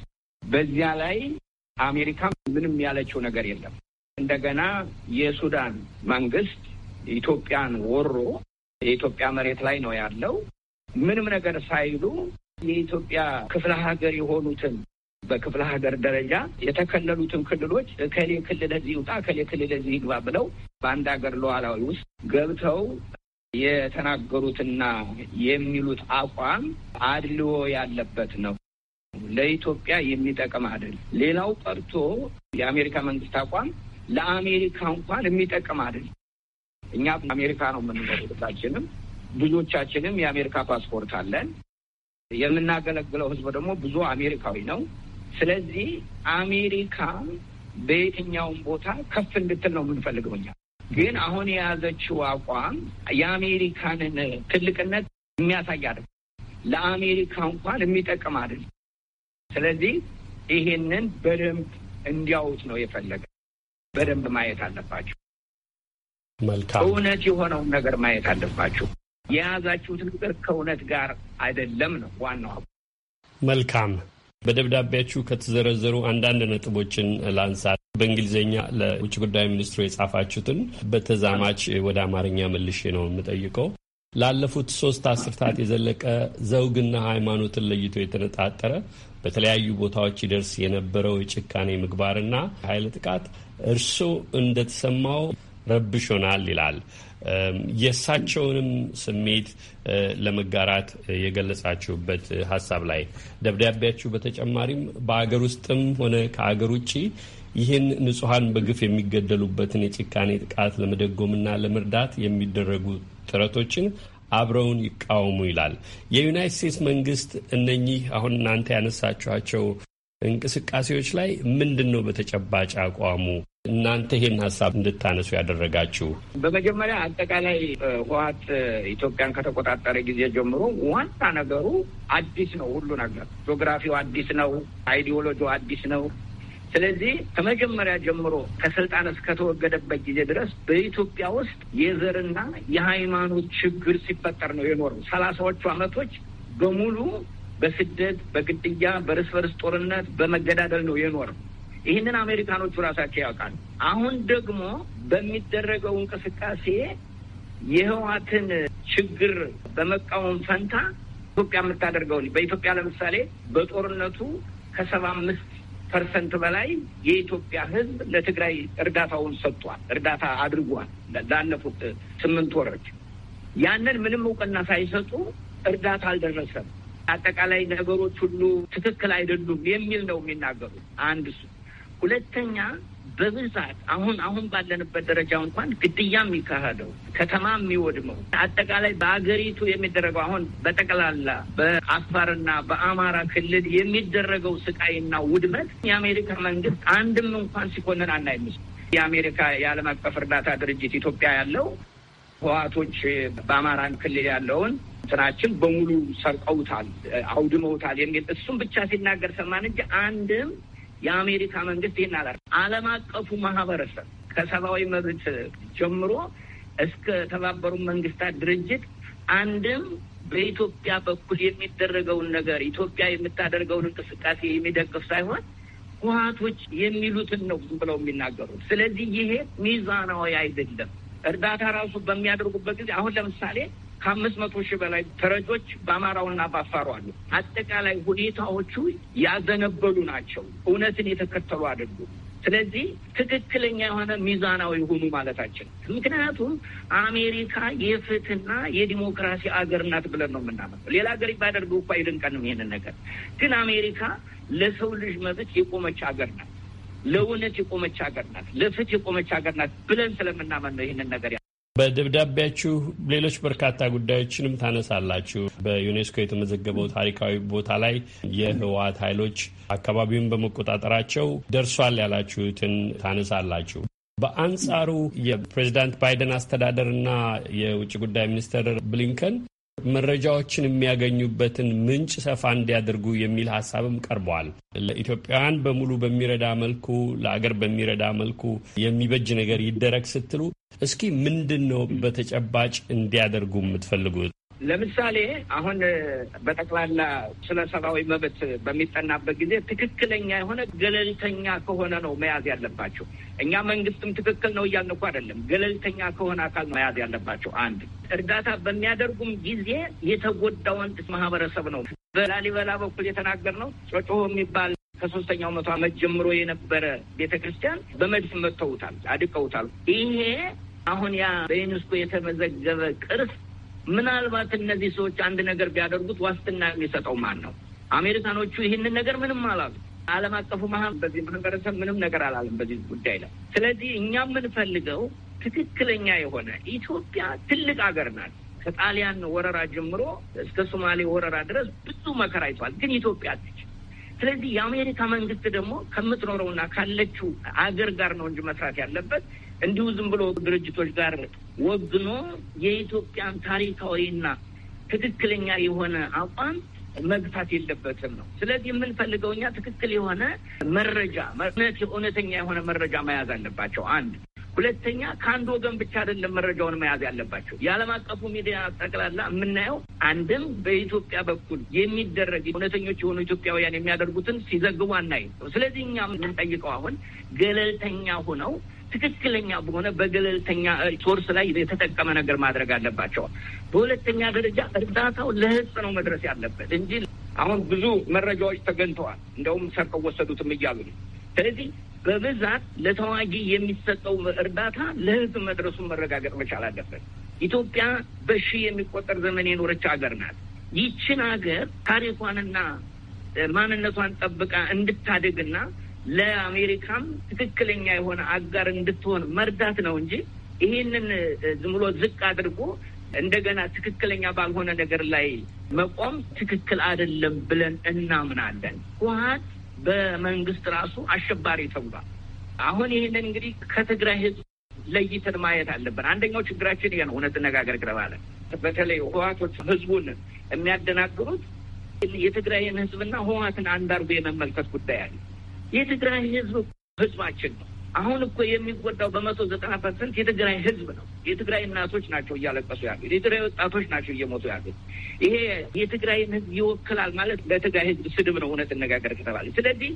[SPEAKER 1] በዚያ ላይ አሜሪካ ምንም ያለችው ነገር የለም። እንደገና የሱዳን መንግስት ኢትዮጵያን ወሮ የኢትዮጵያ መሬት ላይ ነው ያለው። ምንም ነገር ሳይሉ የኢትዮጵያ ክፍለ ሀገር የሆኑትን በክፍለ ሀገር ደረጃ የተከለሉትን ክልሎች እከሌ ክልል እዚህ ይውጣ እከሌ ክልል እዚህ ይግባ ብለው በአንድ ሀገር ሉዓላዊ ውስጥ ገብተው የተናገሩትና የሚሉት አቋም አድልዎ ያለበት ነው። ለኢትዮጵያ የሚጠቅም አይደል። ሌላው ቀርቶ የአሜሪካ መንግስት አቋም ለአሜሪካ እንኳን የሚጠቅም አይደል። እኛ አሜሪካ ነው የምንኖረው። ብዙዎቻችንም የአሜሪካ ፓስፖርት አለን። የምናገለግለው ህዝብ ደግሞ ብዙ አሜሪካዊ ነው። ስለዚህ አሜሪካ በየትኛውም ቦታ ከፍ እንድትል ነው የምንፈልገው። እኛ ግን አሁን የያዘችው አቋም የአሜሪካንን ትልቅነት የሚያሳይ አይደለም፣ ለአሜሪካ እንኳን የሚጠቅም አይደለም። ስለዚህ ይሄንን በደንብ እንዲያዩት ነው የፈለገ። በደንብ ማየት አለባቸው። እውነት የሆነውን ነገር ማየት አለባችሁ። የያዛችሁት ነገር ከእውነት ጋር አይደለም ነው ዋናው።
[SPEAKER 2] መልካም። በደብዳቤያችሁ ከተዘረዘሩ አንዳንድ ነጥቦችን ላንሳ። በእንግሊዝኛ ለውጭ ጉዳይ ሚኒስትሩ የጻፋችሁትን በተዛማች ወደ አማርኛ መልሼ ነው የምጠይቀው። ላለፉት ሶስት አስርታት የዘለቀ ዘውግና ሃይማኖትን ለይቶ የተነጣጠረ በተለያዩ ቦታዎች ይደርስ የነበረው የጭካኔ ምግባርና ኃይለ ጥቃት እርስዎ እንደተሰማው ረብሾናል ይላል። የእሳቸውንም ስሜት ለመጋራት የገለጻችሁበት ሀሳብ ላይ ደብዳቤያችሁ በተጨማሪም በአገር ውስጥም ሆነ ከአገር ውጭ ይህን ንጹሐን በግፍ የሚገደሉበትን የጭካኔ ጥቃት ለመደጎምና ለመርዳት የሚደረጉ ጥረቶችን አብረውን ይቃወሙ ይላል። የዩናይት ስቴትስ መንግስት እነኚህ አሁን እናንተ ያነሳችኋቸው እንቅስቃሴዎች ላይ ምንድን ነው በተጨባጭ አቋሙ? እናንተ ይሄን ሀሳብ እንድታነሱ ያደረጋችሁ?
[SPEAKER 1] በመጀመሪያ አጠቃላይ ህወሀት ኢትዮጵያን ከተቆጣጠረ ጊዜ ጀምሮ ዋና ነገሩ አዲስ ነው። ሁሉ ነገር ጂኦግራፊው አዲስ ነው። አይዲዮሎጂው አዲስ ነው። ስለዚህ ከመጀመሪያ ጀምሮ ከስልጣን እስከተወገደበት ጊዜ ድረስ በኢትዮጵያ ውስጥ የዘርና የሃይማኖት ችግር ሲፈጠር ነው የኖሩ ሰላሳዎቹ ዓመቶች በሙሉ በስደት፣ በግድያ፣ በርስ በርስ ጦርነት፣ በመገዳደል ነው የኖረው። ይህንን አሜሪካኖቹ ራሳቸው ያውቃሉ። አሁን ደግሞ በሚደረገው እንቅስቃሴ የህወሓትን ችግር በመቃወም ፈንታ ኢትዮጵያ የምታደርገው በኢትዮጵያ ለምሳሌ በጦርነቱ ከሰባ አምስት ፐርሰንት በላይ የኢትዮጵያ ህዝብ ለትግራይ እርዳታውን ሰጥቷል። እርዳታ አድርጓል ላለፉት ስምንት ወሮች። ያንን ምንም እውቅና ሳይሰጡ እርዳታ አልደረሰም፣ አጠቃላይ ነገሮች ሁሉ ትክክል አይደሉም የሚል ነው የሚናገሩት። አንድ እሱ ሁለተኛ በብዛት አሁን አሁን ባለንበት ደረጃ እንኳን ግድያ የሚካሄደው ከተማ የሚወድመው አጠቃላይ በአገሪቱ የሚደረገው አሁን በጠቅላላ በአፋርና በአማራ ክልል የሚደረገው ስቃይና ውድመት የአሜሪካ መንግስት አንድም እንኳን ሲኮንን አናይምስ። የአሜሪካ የዓለም አቀፍ እርዳታ ድርጅት ኢትዮጵያ ያለው ህዋቶች በአማራ ክልል ያለውን እንትናችን በሙሉ ሰርቀውታል፣ አውድመውታል የሚል እሱም ብቻ ሲናገር ሰማን እንጂ አንድም የአሜሪካ መንግስት ይህን አላር ዓለም አቀፉ ማህበረሰብ ከሰብአዊ መብት ጀምሮ እስከ ተባበሩ መንግስታት ድርጅት አንድም በኢትዮጵያ በኩል የሚደረገውን ነገር ኢትዮጵያ የምታደርገውን እንቅስቃሴ የሚደግፍ ሳይሆን ህወሀቶች የሚሉትን ነው ዝም ብለው የሚናገሩት። ስለዚህ ይሄ ሚዛናዊ አይደለም። እርዳታ ራሱ በሚያደርጉበት ጊዜ አሁን ለምሳሌ ከአምስት መቶ ሺህ በላይ ፈረጆች በአማራውና በአፋሩ አሉ። አጠቃላይ ሁኔታዎቹ ያዘነበሉ ናቸው። እውነትን የተከተሉ አይደሉም። ስለዚህ ትክክለኛ የሆነ ሚዛናዊ ሆኑ ማለታችን። ምክንያቱም አሜሪካ የፍትህና የዲሞክራሲ አገር ናት ብለን ነው የምናመው። ሌላ ሀገር ባያደርገው እኳ አይደንቀንም ይሄንን ነገር። ግን አሜሪካ ለሰው ልጅ መብት የቆመች ሀገር ናት፣ ለእውነት የቆመች ሀገር ናት፣ ለፍትህ የቆመች ሀገር ናት ብለን ስለምናመን ነው ይህንን ነገር
[SPEAKER 2] በደብዳቤያችሁ ሌሎች በርካታ ጉዳዮችንም ታነሳላችሁ። በዩኔስኮ የተመዘገበው ታሪካዊ ቦታ ላይ የህወሓት ኃይሎች አካባቢውን በመቆጣጠራቸው ደርሷል ያላችሁትን ታነሳላችሁ። በአንጻሩ የፕሬዚዳንት ባይደን አስተዳደር እና የውጭ ጉዳይ ሚኒስትር ብሊንከን መረጃዎችን የሚያገኙበትን ምንጭ ሰፋ እንዲያደርጉ የሚል ሀሳብም ቀርበዋል። ለኢትዮጵያውያን በሙሉ በሚረዳ መልኩ ለአገር በሚረዳ መልኩ የሚበጅ ነገር ይደረግ ስትሉ እስኪ ምንድን ነው በተጨባጭ እንዲያደርጉ የምትፈልጉት?
[SPEAKER 1] ለምሳሌ አሁን በጠቅላላ ስለ ሰብአዊ መብት በሚጠናበት ጊዜ ትክክለኛ የሆነ ገለልተኛ ከሆነ ነው መያዝ ያለባቸው። እኛ መንግስትም ትክክል ነው እያልን እኮ አይደለም። ገለልተኛ ከሆነ አካል ነው መያዝ ያለባቸው። አንድ እርዳታ በሚያደርጉም ጊዜ የተጎዳውን ማህበረሰብ ነው። በላሊበላ በኩል የተናገር ነው ጮጮሆ የሚባል ከሶስተኛው መቶ ዓመት ጀምሮ የነበረ ቤተ ክርስቲያን በመድፍ መጥተውታል፣ አድቀውታል። ይሄ አሁን ያ በዩኔስኮ የተመዘገበ ቅርስ ምናልባት እነዚህ ሰዎች አንድ ነገር ቢያደርጉት ዋስትና የሚሰጠው ማን ነው? አሜሪካኖቹ ይህንን ነገር ምንም አላሉ። ዓለም አቀፉ መሀ በዚህ ማህበረሰብ ምንም ነገር አላለም በዚህ ጉዳይ ላይ። ስለዚህ እኛ የምንፈልገው ትክክለኛ የሆነ ኢትዮጵያ ትልቅ ሀገር ናት። ከጣሊያን ወረራ ጀምሮ እስከ ሶማሌ ወረራ ድረስ ብዙ መከራ አይተዋል። ግን ኢትዮጵያ አለች። ስለዚህ የአሜሪካ መንግስት ደግሞ ከምትኖረውና ካለችው አገር ጋር ነው እንጂ መስራት ያለበት እንዲሁ ዝም ብሎ ድርጅቶች ጋር ወግኖ የኢትዮጵያን ታሪካዊና ትክክለኛ የሆነ አቋም መግፋት የለበትም ነው። ስለዚህ የምንፈልገው እኛ ትክክል የሆነ መረጃ እውነተኛ የሆነ መረጃ መያዝ አለባቸው። አንድ ሁለተኛ፣ ከአንድ ወገን ብቻ አይደለም መረጃውን መያዝ ያለባቸው። የዓለም አቀፉ ሚዲያ ጠቅላላ የምናየው አንድም በኢትዮጵያ በኩል የሚደረግ እውነተኞች የሆኑ ኢትዮጵያውያን የሚያደርጉትን ሲዘግቡ አናይም። ስለዚህ እኛ የምንጠይቀው አሁን ገለልተኛ ሆነው ትክክለኛ በሆነ በገለልተኛ ሶርስ ላይ የተጠቀመ ነገር ማድረግ አለባቸው። በሁለተኛ ደረጃ እርዳታው ለሕዝብ ነው መድረስ ያለበት እንጂ አሁን ብዙ መረጃዎች ተገኝተዋል። እንደውም ሰርቀው ወሰዱትም እያሉ ነው። ስለዚህ በብዛት ለተዋጊ የሚሰጠው እርዳታ ለህዝብ መድረሱን መረጋገጥ መቻል አለበት። ኢትዮጵያ በሺህ የሚቆጠር ዘመን የኖረች ሀገር ናት። ይችን ሀገር ታሪኳንና ማንነቷን ጠብቃ እንድታድግና ለአሜሪካም ትክክለኛ የሆነ አጋር እንድትሆን መርዳት ነው እንጂ ይህንን ዝም ብሎ ዝቅ አድርጎ እንደገና ትክክለኛ ባልሆነ ነገር ላይ መቆም ትክክል አይደለም ብለን እናምናለን። ህወሀት በመንግስት ራሱ አሸባሪ ተብሏል። አሁን ይህንን እንግዲህ ከትግራይ ህዝብ ለይተን ማየት አለብን። አንደኛው ችግራችን ይሄ ነው። እውነት ነጋገር ግረባለ በተለይ ህወሀቶች ህዝቡን የሚያደናግሩት የትግራይን ህዝብና ህወሀትን አንድ አድርጎ የመመልከት ጉዳይ አለ። የትግራይ ህዝብ ህዝባችን ነው። አሁን እኮ የሚጎዳው በመቶ ዘጠና ፐርሰንት የትግራይ ህዝብ ነው። የትግራይ እናቶች ናቸው እያለቀሱ ያሉት። የትግራይ ወጣቶች ናቸው እየሞቱ ያሉት። ይሄ የትግራይን ህዝብ ይወክላል ማለት ለትግራይ ህዝብ ስድብ ነው፣ እውነት እነጋገር ከተባለ። ስለዚህ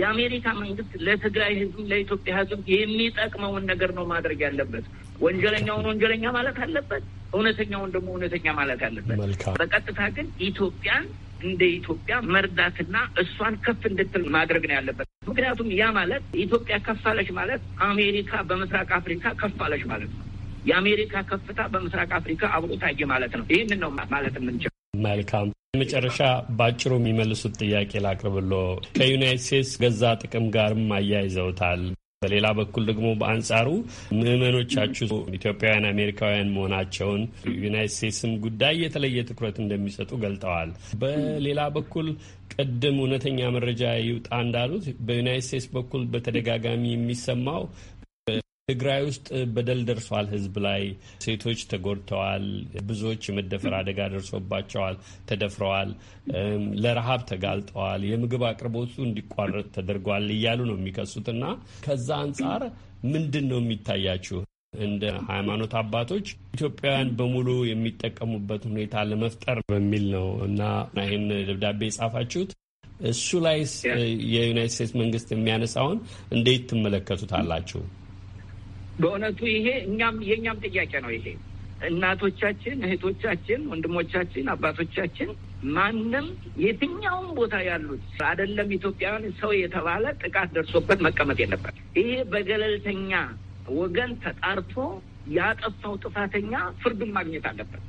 [SPEAKER 1] የአሜሪካ መንግስት ለትግራይ ህዝብ፣ ለኢትዮጵያ ህዝብ የሚጠቅመውን ነገር ነው ማድረግ ያለበት። ወንጀለኛውን ወንጀለኛ ማለት አለበት፣ እውነተኛውን ደግሞ እውነተኛ ማለት አለበት። በቀጥታ ግን ኢትዮጵያን እንደ ኢትዮጵያ መርዳትና እሷን ከፍ እንድትል ማድረግ ነው ያለበት። ምክንያቱም ያ ማለት ኢትዮጵያ ከፋለች ማለት አሜሪካ በምስራቅ አፍሪካ ከፋለች ማለት ነው። የአሜሪካ ከፍታ በምስራቅ አፍሪካ አብሮ ታየ ማለት ነው። ይህንን ነው ማለት የምንችል።
[SPEAKER 2] መልካም መጨረሻ በአጭሩ የሚመልሱት ጥያቄ ላቅርብሎ ከዩናይት ስቴትስ ገዛ ጥቅም ጋርም አያይዘውታል። በሌላ በኩል ደግሞ በአንጻሩ ምዕመኖቻችሁ ኢትዮጵያውያን አሜሪካውያን መሆናቸውን ዩናይት ስቴትስም ጉዳይ የተለየ ትኩረት እንደሚሰጡ ገልጠዋል። በሌላ በኩል ቅድም እውነተኛ መረጃ ይውጣ እንዳሉት በዩናይት ስቴትስ በኩል በተደጋጋሚ የሚሰማው ትግራይ ውስጥ በደል ደርሷል። ህዝብ ላይ ሴቶች ተጎድተዋል። ብዙዎች የመደፈር አደጋ ደርሶባቸዋል፣ ተደፍረዋል፣ ለረሃብ ተጋልጠዋል፣ የምግብ አቅርቦቱ እንዲቋረጥ ተደርጓል እያሉ ነው የሚከሱት እና ከዛ አንጻር ምንድን ነው የሚታያችሁ እንደ ሃይማኖት አባቶች ኢትዮጵያውያን በሙሉ የሚጠቀሙበት ሁኔታ ለመፍጠር በሚል ነው እና ይህን ደብዳቤ የጻፋችሁት እሱ ላይ የዩናይት ስቴትስ መንግስት የሚያነሳውን እንዴት ትመለከቱታላችሁ?
[SPEAKER 1] በእውነቱ ይሄ እኛም የእኛም ጥያቄ ነው። ይሄ እናቶቻችን፣ እህቶቻችን፣ ወንድሞቻችን፣ አባቶቻችን ማንም የትኛውም ቦታ ያሉት አይደለም ኢትዮጵያውያን ሰው የተባለ ጥቃት ደርሶበት መቀመጥ የለበት። ይሄ በገለልተኛ ወገን ተጣርቶ ያጠፋው ጥፋተኛ ፍርድን ማግኘት አለበት።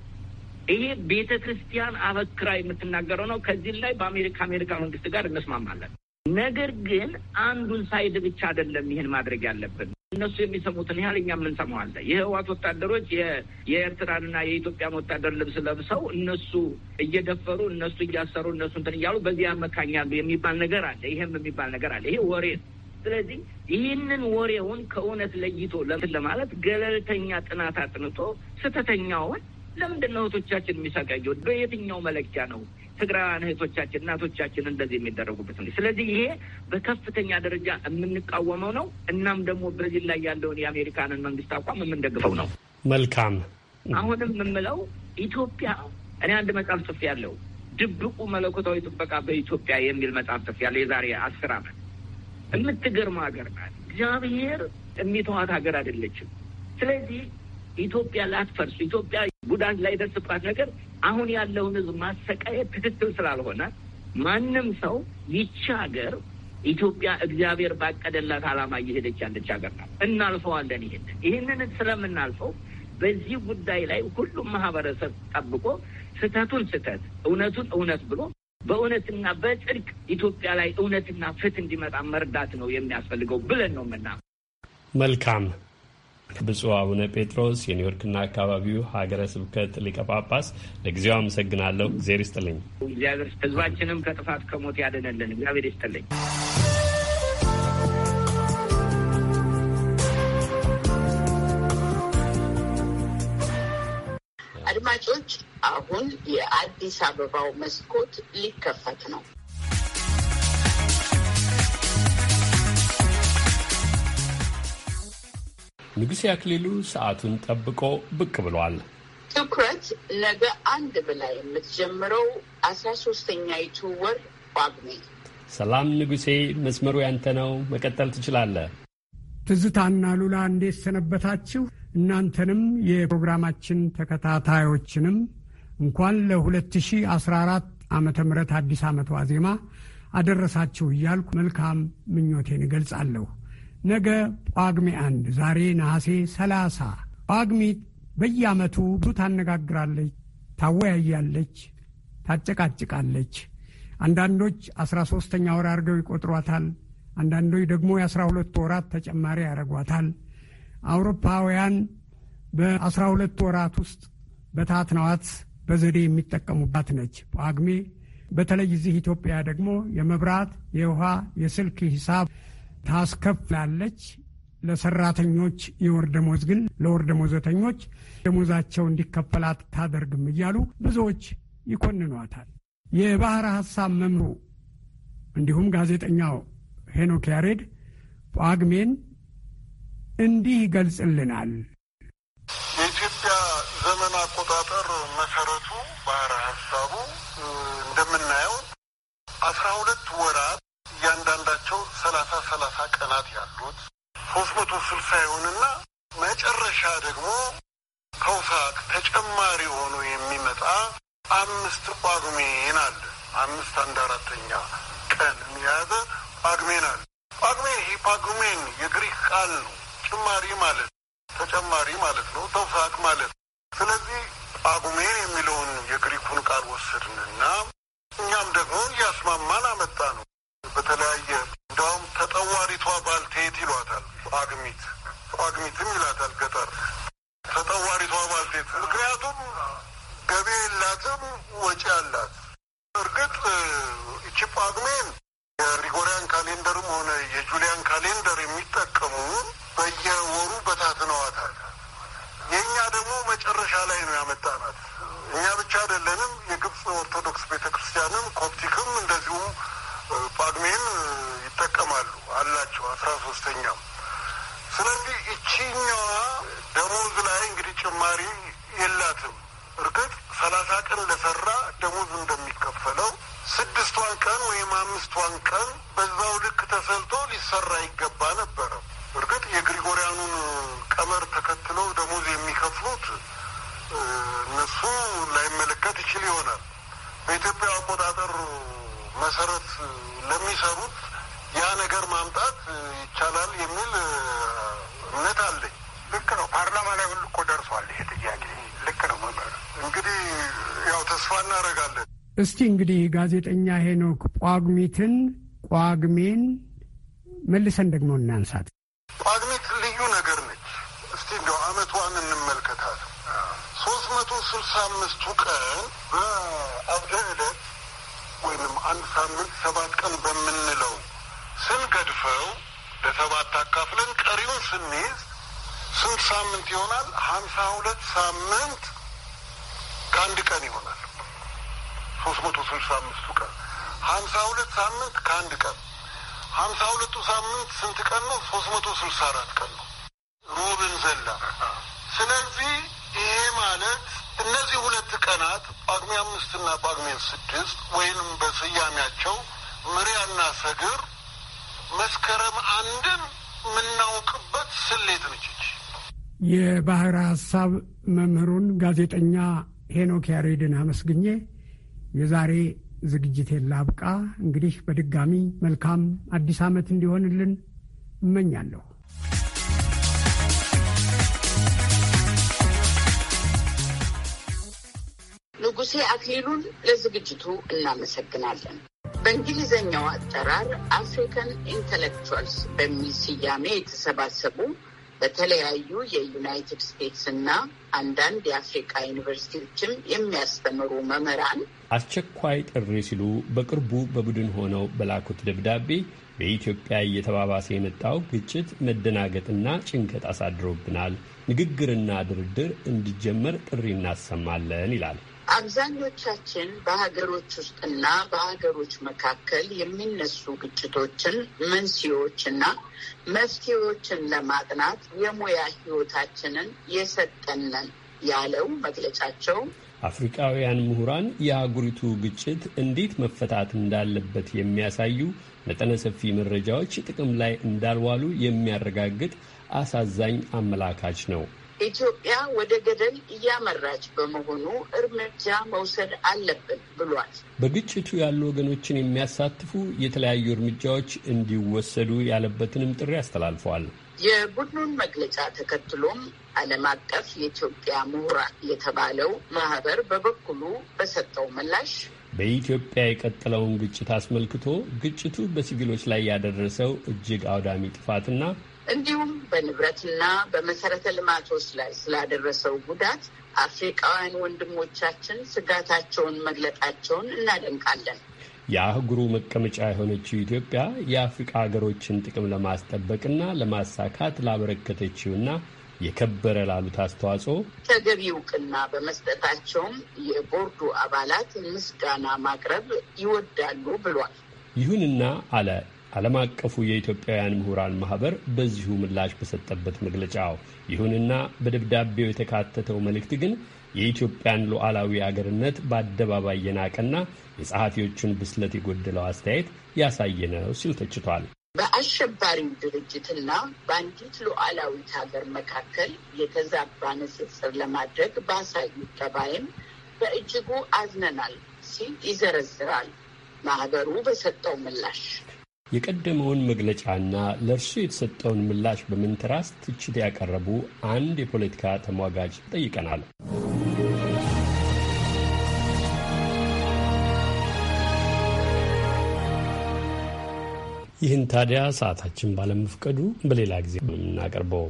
[SPEAKER 1] ይሄ ቤተ ክርስቲያን አበክራ የምትናገረው ነው። ከዚህ ላይ በአሜሪካ አሜሪካ መንግስት ጋር እንስማማለን። ነገር ግን አንዱን ሳይድ ብቻ አይደለም ይህን ማድረግ ያለብን። እነሱ የሚሰሙትን ያህል እኛ የምንሰማው አለ። የህወሓት ወታደሮች የኤርትራንና የኢትዮጵያን ወታደር ልብስ ለብሰው እነሱ እየደፈሩ እነሱ እያሰሩ እነሱ እንትን እያሉ በዚህ ያመካኛሉ የሚባል ነገር አለ። ይሄም የሚባል ነገር አለ። ይሄ ወሬ ስለዚህ ይህንን ወሬውን ከእውነት ለይቶ ለማለት ገለልተኛ ጥናት አጥንቶ ስህተተኛውን ለምንድን ነው እህቶቻችን የሚሰቃየው? በየትኛው መለኪያ ነው ትግራውያን እህቶቻችን እናቶቻችን እንደዚህ የሚደረጉበት ነው። ስለዚህ ይሄ በከፍተኛ ደረጃ የምንቃወመው ነው። እናም ደግሞ በዚህ ላይ ያለውን የአሜሪካንን መንግስት አቋም የምንደግፈው ነው። መልካም። አሁንም የምለው ኢትዮጵያ እኔ አንድ መጽሐፍ ጽፌ ያለው ድብቁ መለኮታዊ ጥበቃ በኢትዮጵያ የሚል መጽሐፍ ጽፌ ያለው የዛሬ አስር ዓመት የምትገርም ሀገር ናት። እግዚአብሔር የሚተዋት ሀገር አይደለችም። ስለዚህ ኢትዮጵያ ላትፈርስ፣ ኢትዮጵያ ጉዳት ላይ ደርስባት ነገር አሁን ያለውን ህዝብ ማሰቃየት ትክክል ስላልሆነ ማንም ሰው ይቺ ሀገር ኢትዮጵያ እግዚአብሔር ባቀደላት ዓላማ እየሄደች ያለች ሀገር ናት። እናልፈዋለን። ይሄን ይህንን ስለምናልፈው በዚህ ጉዳይ ላይ ሁሉም ማህበረሰብ ጠብቆ ስህተቱን ስህተት እውነቱን እውነት ብሎ በእውነትና በጽድቅ ኢትዮጵያ ላይ እውነትና ፍትህ እንዲመጣ መርዳት ነው የሚያስፈልገው ብለን ነው ምና
[SPEAKER 2] መልካም ብፁዕ አቡነ ጴጥሮስ የኒውዮርክና አካባቢው ሀገረ ስብከት ሊቀ ጳጳስ፣ ለጊዜው አመሰግናለሁ። እግዜር ይስጥልኝ።
[SPEAKER 1] እግዚአብሔር ህዝባችንም ከጥፋት ከሞት ያደነልን እግዚአብሔር ይስጥልኝ።
[SPEAKER 3] አድማጮች፣ አሁን የአዲስ አበባው መስኮት ሊከፈት ነው።
[SPEAKER 2] ንጉሴ አክሊሉ ሰዓቱን ጠብቆ ብቅ ብሏል።
[SPEAKER 3] ትኩረት ነገ አንድ ብላ የምትጀምረው አስራ ሶስተኛይቱ ወር
[SPEAKER 2] ጳጉሜ። ሰላም ንጉሴ፣ መስመሩ ያንተ ነው። መቀጠል ትችላለህ።
[SPEAKER 7] ትዝታና ሉላ እንዴት ሰነበታችሁ? እናንተንም የፕሮግራማችን ተከታታዮችንም እንኳን ለ2014 ዓ ምህረት አዲስ ዓመት ዋዜማ አደረሳችሁ እያልኩ መልካም ምኞቴን እገልጻለሁ። ነገ ጳጉሜ አንድ ዛሬ ነሐሴ ሰላሳ ጳጉሚት በየዓመቱ ብዙ ታነጋግራለች፣ ታወያያለች፣ ታጨቃጭቃለች። አንዳንዶች አስራ ሦስተኛ ወር አድርገው ይቆጥሯታል። አንዳንዶች ደግሞ የአስራ ሁለት ወራት ተጨማሪ ያደርጓታል። አውሮፓውያን በአስራ ሁለት ወራት ውስጥ በታትናዋት በዘዴ የሚጠቀሙባት ነች ጳጉሜ። በተለይ እዚህ ኢትዮጵያ ደግሞ የመብራት የውሃ የስልክ ሂሳብ ታስከፍላለች። ለሰራተኞች የወር ደሞዝ ግን ለወር ደሞዘተኞች ደሞዛቸው እንዲከፈላት ታደርግም እያሉ ብዙዎች ይኮንኗታል። የባህረ ሐሳብ መምሩ እንዲሁም ጋዜጠኛው ሄኖክ ያሬድ ጳጉሜን እንዲህ ይገልጽልናል።
[SPEAKER 6] ስልሳ ይሁንና መጨረሻ ደግሞ ከውሳት ተጨማሪ ሆኖ የሚመጣ አምስት ጳጉሜን አለ። አምስት አንድ አራተኛ ቀን የያዘ ጳጉሜን አለ። ጳጉሜ ይህ ጳጉሜን የግሪክ ቃል ነው። ጭማሪ ማለት ተጨማሪ ማለት ነው። ተውሳት ማለት ነው። ስለዚህ ጳጉሜን የሚለውን የግሪኩን ቃል ወሰድንና እኛም ደግሞ እያስማማን አመጣ ነው። ጁሊያን ካሌንደር የሚጠቀሙ በየወሩ በታትነዋታል። የእኛ ደግሞ መጨረሻ ላይ ነው ያመጣናት። እኛ ብቻ አይደለንም። የግብፅ ኦርቶዶክስ ቤተ ክርስቲያንም ኮፕቲክም እንደዚሁ ጳግሜን ይጠቀማሉ አላቸው አስራ ሶስተኛው ስለዚህ እቺኛዋ ደሞዝ ላይ እንግዲህ ጭማሪ የላትም። እርግጥ ሰላሳ ቀን ለሰራ ደሞዝ እንደሚከፈለው ስድስቷን ቀን ወይም አምስቷን ቀን በዛው ልክ ተሰልቶ ሊሰራ ይገባ ነበረ። እርግጥ የግሪጎሪያኑን ቀመር ተከትለው ደሞዝ የሚከፍሉት እነሱ ላይመለከት ይችል ይሆናል። በኢትዮጵያ አቆጣጠር መሰረት ለሚሰሩት ያ ነገር ማምጣት ይቻላል የሚል እምነት አለኝ። ልክ ነው። ፓርላማ ላይ ሁሉ እኮ ደርሷል ይሄ ጥያቄ። ልክ ነው። እንግዲህ ያው ተስፋ እናደርጋለን።
[SPEAKER 7] እስቲ እንግዲህ ጋዜጠኛ ሄኖክ ቋግሚትን ቋግሜን መልሰን ደግሞ እናንሳት።
[SPEAKER 6] ጳጉሜት ልዩ ነገር ነች። እስቲ እንደው አመቷን እንመልከታት። ሶስት መቶ ስልሳ አምስቱ ቀን በአብደ ዕለት ወይም አንድ ሳምንት ሰባት ቀን በምንለው ስንገድፈው ለሰባት አካፍለን ቀሪውን ስንይዝ ስንት ሳምንት ይሆናል? ሀምሳ ሁለት ሳምንት ከአንድ ቀን ይሆናል። ሶስት መቶ ስልሳ አምስቱ ቀን ሀምሳ ሁለት ሳምንት ከአንድ ቀን ሀምሳ ሁለቱ ሳምንት ስንት ቀን ነው? ሶስት መቶ ስልሳ አራት ቀን ነው። ሮብን ዘላ። ስለዚህ ይሄ ማለት እነዚህ ሁለት ቀናት ጳጉሜ አምስትና ጳጉሜ ስድስት ወይንም በስያሜያቸው ምሪያና ሰግር መስከረም አንድን የምናውቅበት ስሌት
[SPEAKER 7] ነች። የባህረ ሀሳብ መምህሩን ጋዜጠኛ ሄኖክ ያሬድን አመስግኜ የዛሬ ዝግጅቴን ላብቃ። እንግዲህ በድጋሚ መልካም አዲስ ዓመት እንዲሆንልን እመኛለሁ።
[SPEAKER 3] ንጉሴ አክሊሉን ለዝግጅቱ እናመሰግናለን። በእንግሊዝኛው አጠራር አፍሪካን ኢንተሌክቹዋልስ በሚል ስያሜ የተሰባሰቡ በተለያዩ የዩናይትድ ስቴትስ እና አንዳንድ የአፍሪካ ዩኒቨርሲቲዎችም የሚያስተምሩ መምህራን
[SPEAKER 2] አስቸኳይ ጥሪ ሲሉ በቅርቡ በቡድን ሆነው በላኩት ደብዳቤ በኢትዮጵያ እየተባባሰ የመጣው ግጭት መደናገጥና ጭንቀት አሳድሮብናል፣ ንግግርና ድርድር እንዲጀመር ጥሪ እናሰማለን ይላል።
[SPEAKER 3] አብዛኞቻችን በሀገሮች ውስጥና በሀገሮች መካከል የሚነሱ ግጭቶችን መንስኤዎችና መፍትሄዎችን ለማጥናት የሙያ ሕይወታችንን የሰጠንን ያለው መግለጫቸው
[SPEAKER 2] አፍሪቃውያን ምሁራን የአህጉሪቱ ግጭት እንዴት መፈታት እንዳለበት የሚያሳዩ መጠነ ሰፊ መረጃዎች ጥቅም ላይ እንዳልዋሉ የሚያረጋግጥ አሳዛኝ አመላካች ነው።
[SPEAKER 3] ኢትዮጵያ ወደ ገደል እያመራች በመሆኑ እርምጃ መውሰድ አለብን ብሏል።
[SPEAKER 2] በግጭቱ ያሉ ወገኖችን የሚያሳትፉ የተለያዩ እርምጃዎች እንዲወሰዱ ያለበትንም ጥሪ አስተላልፈዋል።
[SPEAKER 3] የቡድኑን መግለጫ ተከትሎም ዓለም አቀፍ የኢትዮጵያ ምሁራን የተባለው ማህበር በበኩሉ በሰጠው ምላሽ
[SPEAKER 2] በኢትዮጵያ የቀጠለውን ግጭት አስመልክቶ ግጭቱ በሲቪሎች ላይ ያደረሰው እጅግ አውዳሚ ጥፋትና
[SPEAKER 3] እንዲሁም በንብረትና በመሰረተ ልማቶች ላይ ስላደረሰው ጉዳት አፍሪቃውያን ወንድሞቻችን ስጋታቸውን መግለጣቸውን እናደንቃለን።
[SPEAKER 2] የአህጉሩ መቀመጫ የሆነችው ኢትዮጵያ የአፍሪቃ ሀገሮችን ጥቅም ለማስጠበቅና ለማሳካት ላበረከተችውና የከበረ ላሉት አስተዋጽኦ
[SPEAKER 3] ተገቢ እውቅና በመስጠታቸውም የቦርዱ አባላት ምስጋና ማቅረብ ይወዳሉ ብሏል።
[SPEAKER 2] ይሁንና አለ ዓለም አቀፉ የኢትዮጵያውያን ምሁራን ማህበር በዚሁ ምላሽ በሰጠበት መግለጫው ይሁንና በደብዳቤው የተካተተው መልእክት ግን የኢትዮጵያን ሉዓላዊ አገርነት በአደባባይ የናቀና የጸሐፊዎቹን ብስለት የጎደለው አስተያየት ያሳየ ነው ሲል ተችቷል።
[SPEAKER 3] በአሸባሪው ድርጅትና በአንዲት ሉዓላዊት ሀገር መካከል የተዛባ ንጽጽር ለማድረግ ባሳዩ ጠባይም በእጅጉ አዝነናል ሲል ይዘረዝራል ማህበሩ በሰጠው ምላሽ
[SPEAKER 2] የቀደመውን መግለጫና ለእርሱ የተሰጠውን ምላሽ በመንተራስ ትችት ያቀረቡ አንድ የፖለቲካ ተሟጋጅ ጠይቀናል። ይህን ታዲያ ሰዓታችን ባለመፍቀዱ በሌላ ጊዜ የምናቀርበው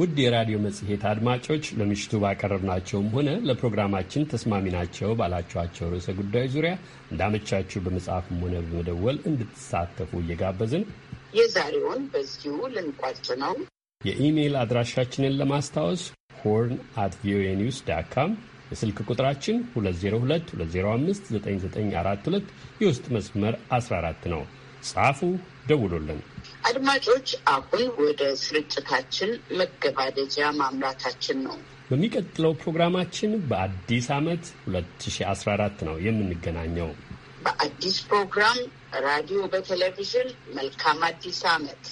[SPEAKER 2] ውድ የራዲዮ መጽሔት አድማጮች ለምሽቱ ባቀረብናቸውም ሆነ ለፕሮግራማችን ተስማሚ ናቸው ባላችኋቸው ርዕሰ ጉዳዮች ዙሪያ እንዳመቻችሁ በመጽሐፍም ሆነ በመደወል እንድትሳተፉ እየጋበዝን
[SPEAKER 3] የዛሬውን በዚሁ ልንቋጭ ነው።
[SPEAKER 2] የኢሜይል አድራሻችንን ለማስታወስ ሆርን አት ቪኦኤ ኒውስ ዳት ካም፣ የስልክ ቁጥራችን 2022059942 የውስጥ መስመር 14 ነው። ጻፉ፣ ደውሉልን።
[SPEAKER 3] አድማጮች አሁን ወደ ስርጭታችን መገባደጃ ማምራታችን
[SPEAKER 2] ነው። በሚቀጥለው ፕሮግራማችን በአዲስ ዓመት 2014 ነው የምንገናኘው።
[SPEAKER 3] በአዲስ ፕሮግራም ራዲዮ፣ በቴሌቪዥን መልካም አዲስ ዓመት።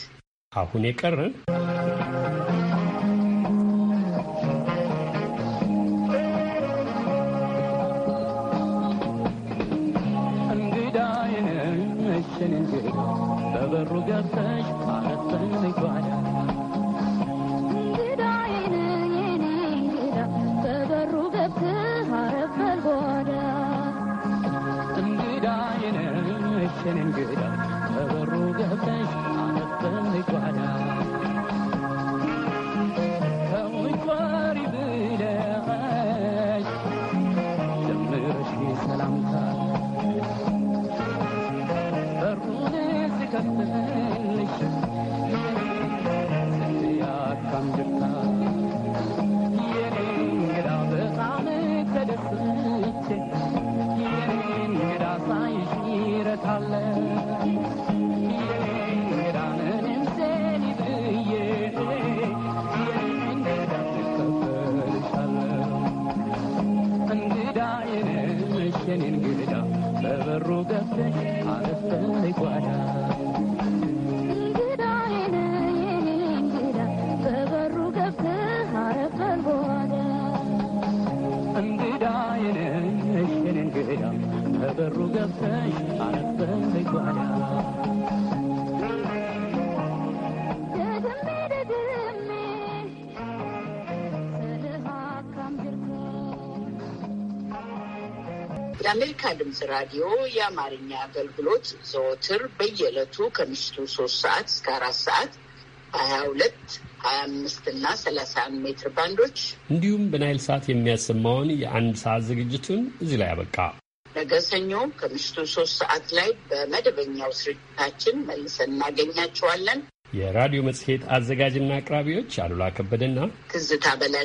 [SPEAKER 2] አሁን የቀረን
[SPEAKER 4] ሀገራችን እንግዲህ በበሩ ገብተሽ አረሰን ይባላል። እንግዳ
[SPEAKER 7] በበሩ ገብተሽ አረሰን ይባላል።
[SPEAKER 3] የአሜሪካ ድምጽ ራዲዮ የአማርኛ አገልግሎት ዘወትር በየዕለቱ ከምሽቱ ሶስት ሰዓት እስከ አራት ሰዓት ሀያ ሁለት ሀያ አምስት እና ሰላሳ አንድ ሜትር ባንዶች
[SPEAKER 2] እንዲሁም በናይል ሰዓት የሚያሰማውን የአንድ ሰዓት ዝግጅቱን እዚህ ላይ አበቃ።
[SPEAKER 3] ነገ ሰኞ ከምሽቱ ሶስት ሰዓት ላይ በመደበኛው ስርጭታችን መልሰን እናገኛቸዋለን።
[SPEAKER 2] የራዲዮ መጽሔት አዘጋጅና አቅራቢዎች አሉላ ከበደና
[SPEAKER 3] ትዝታ በላ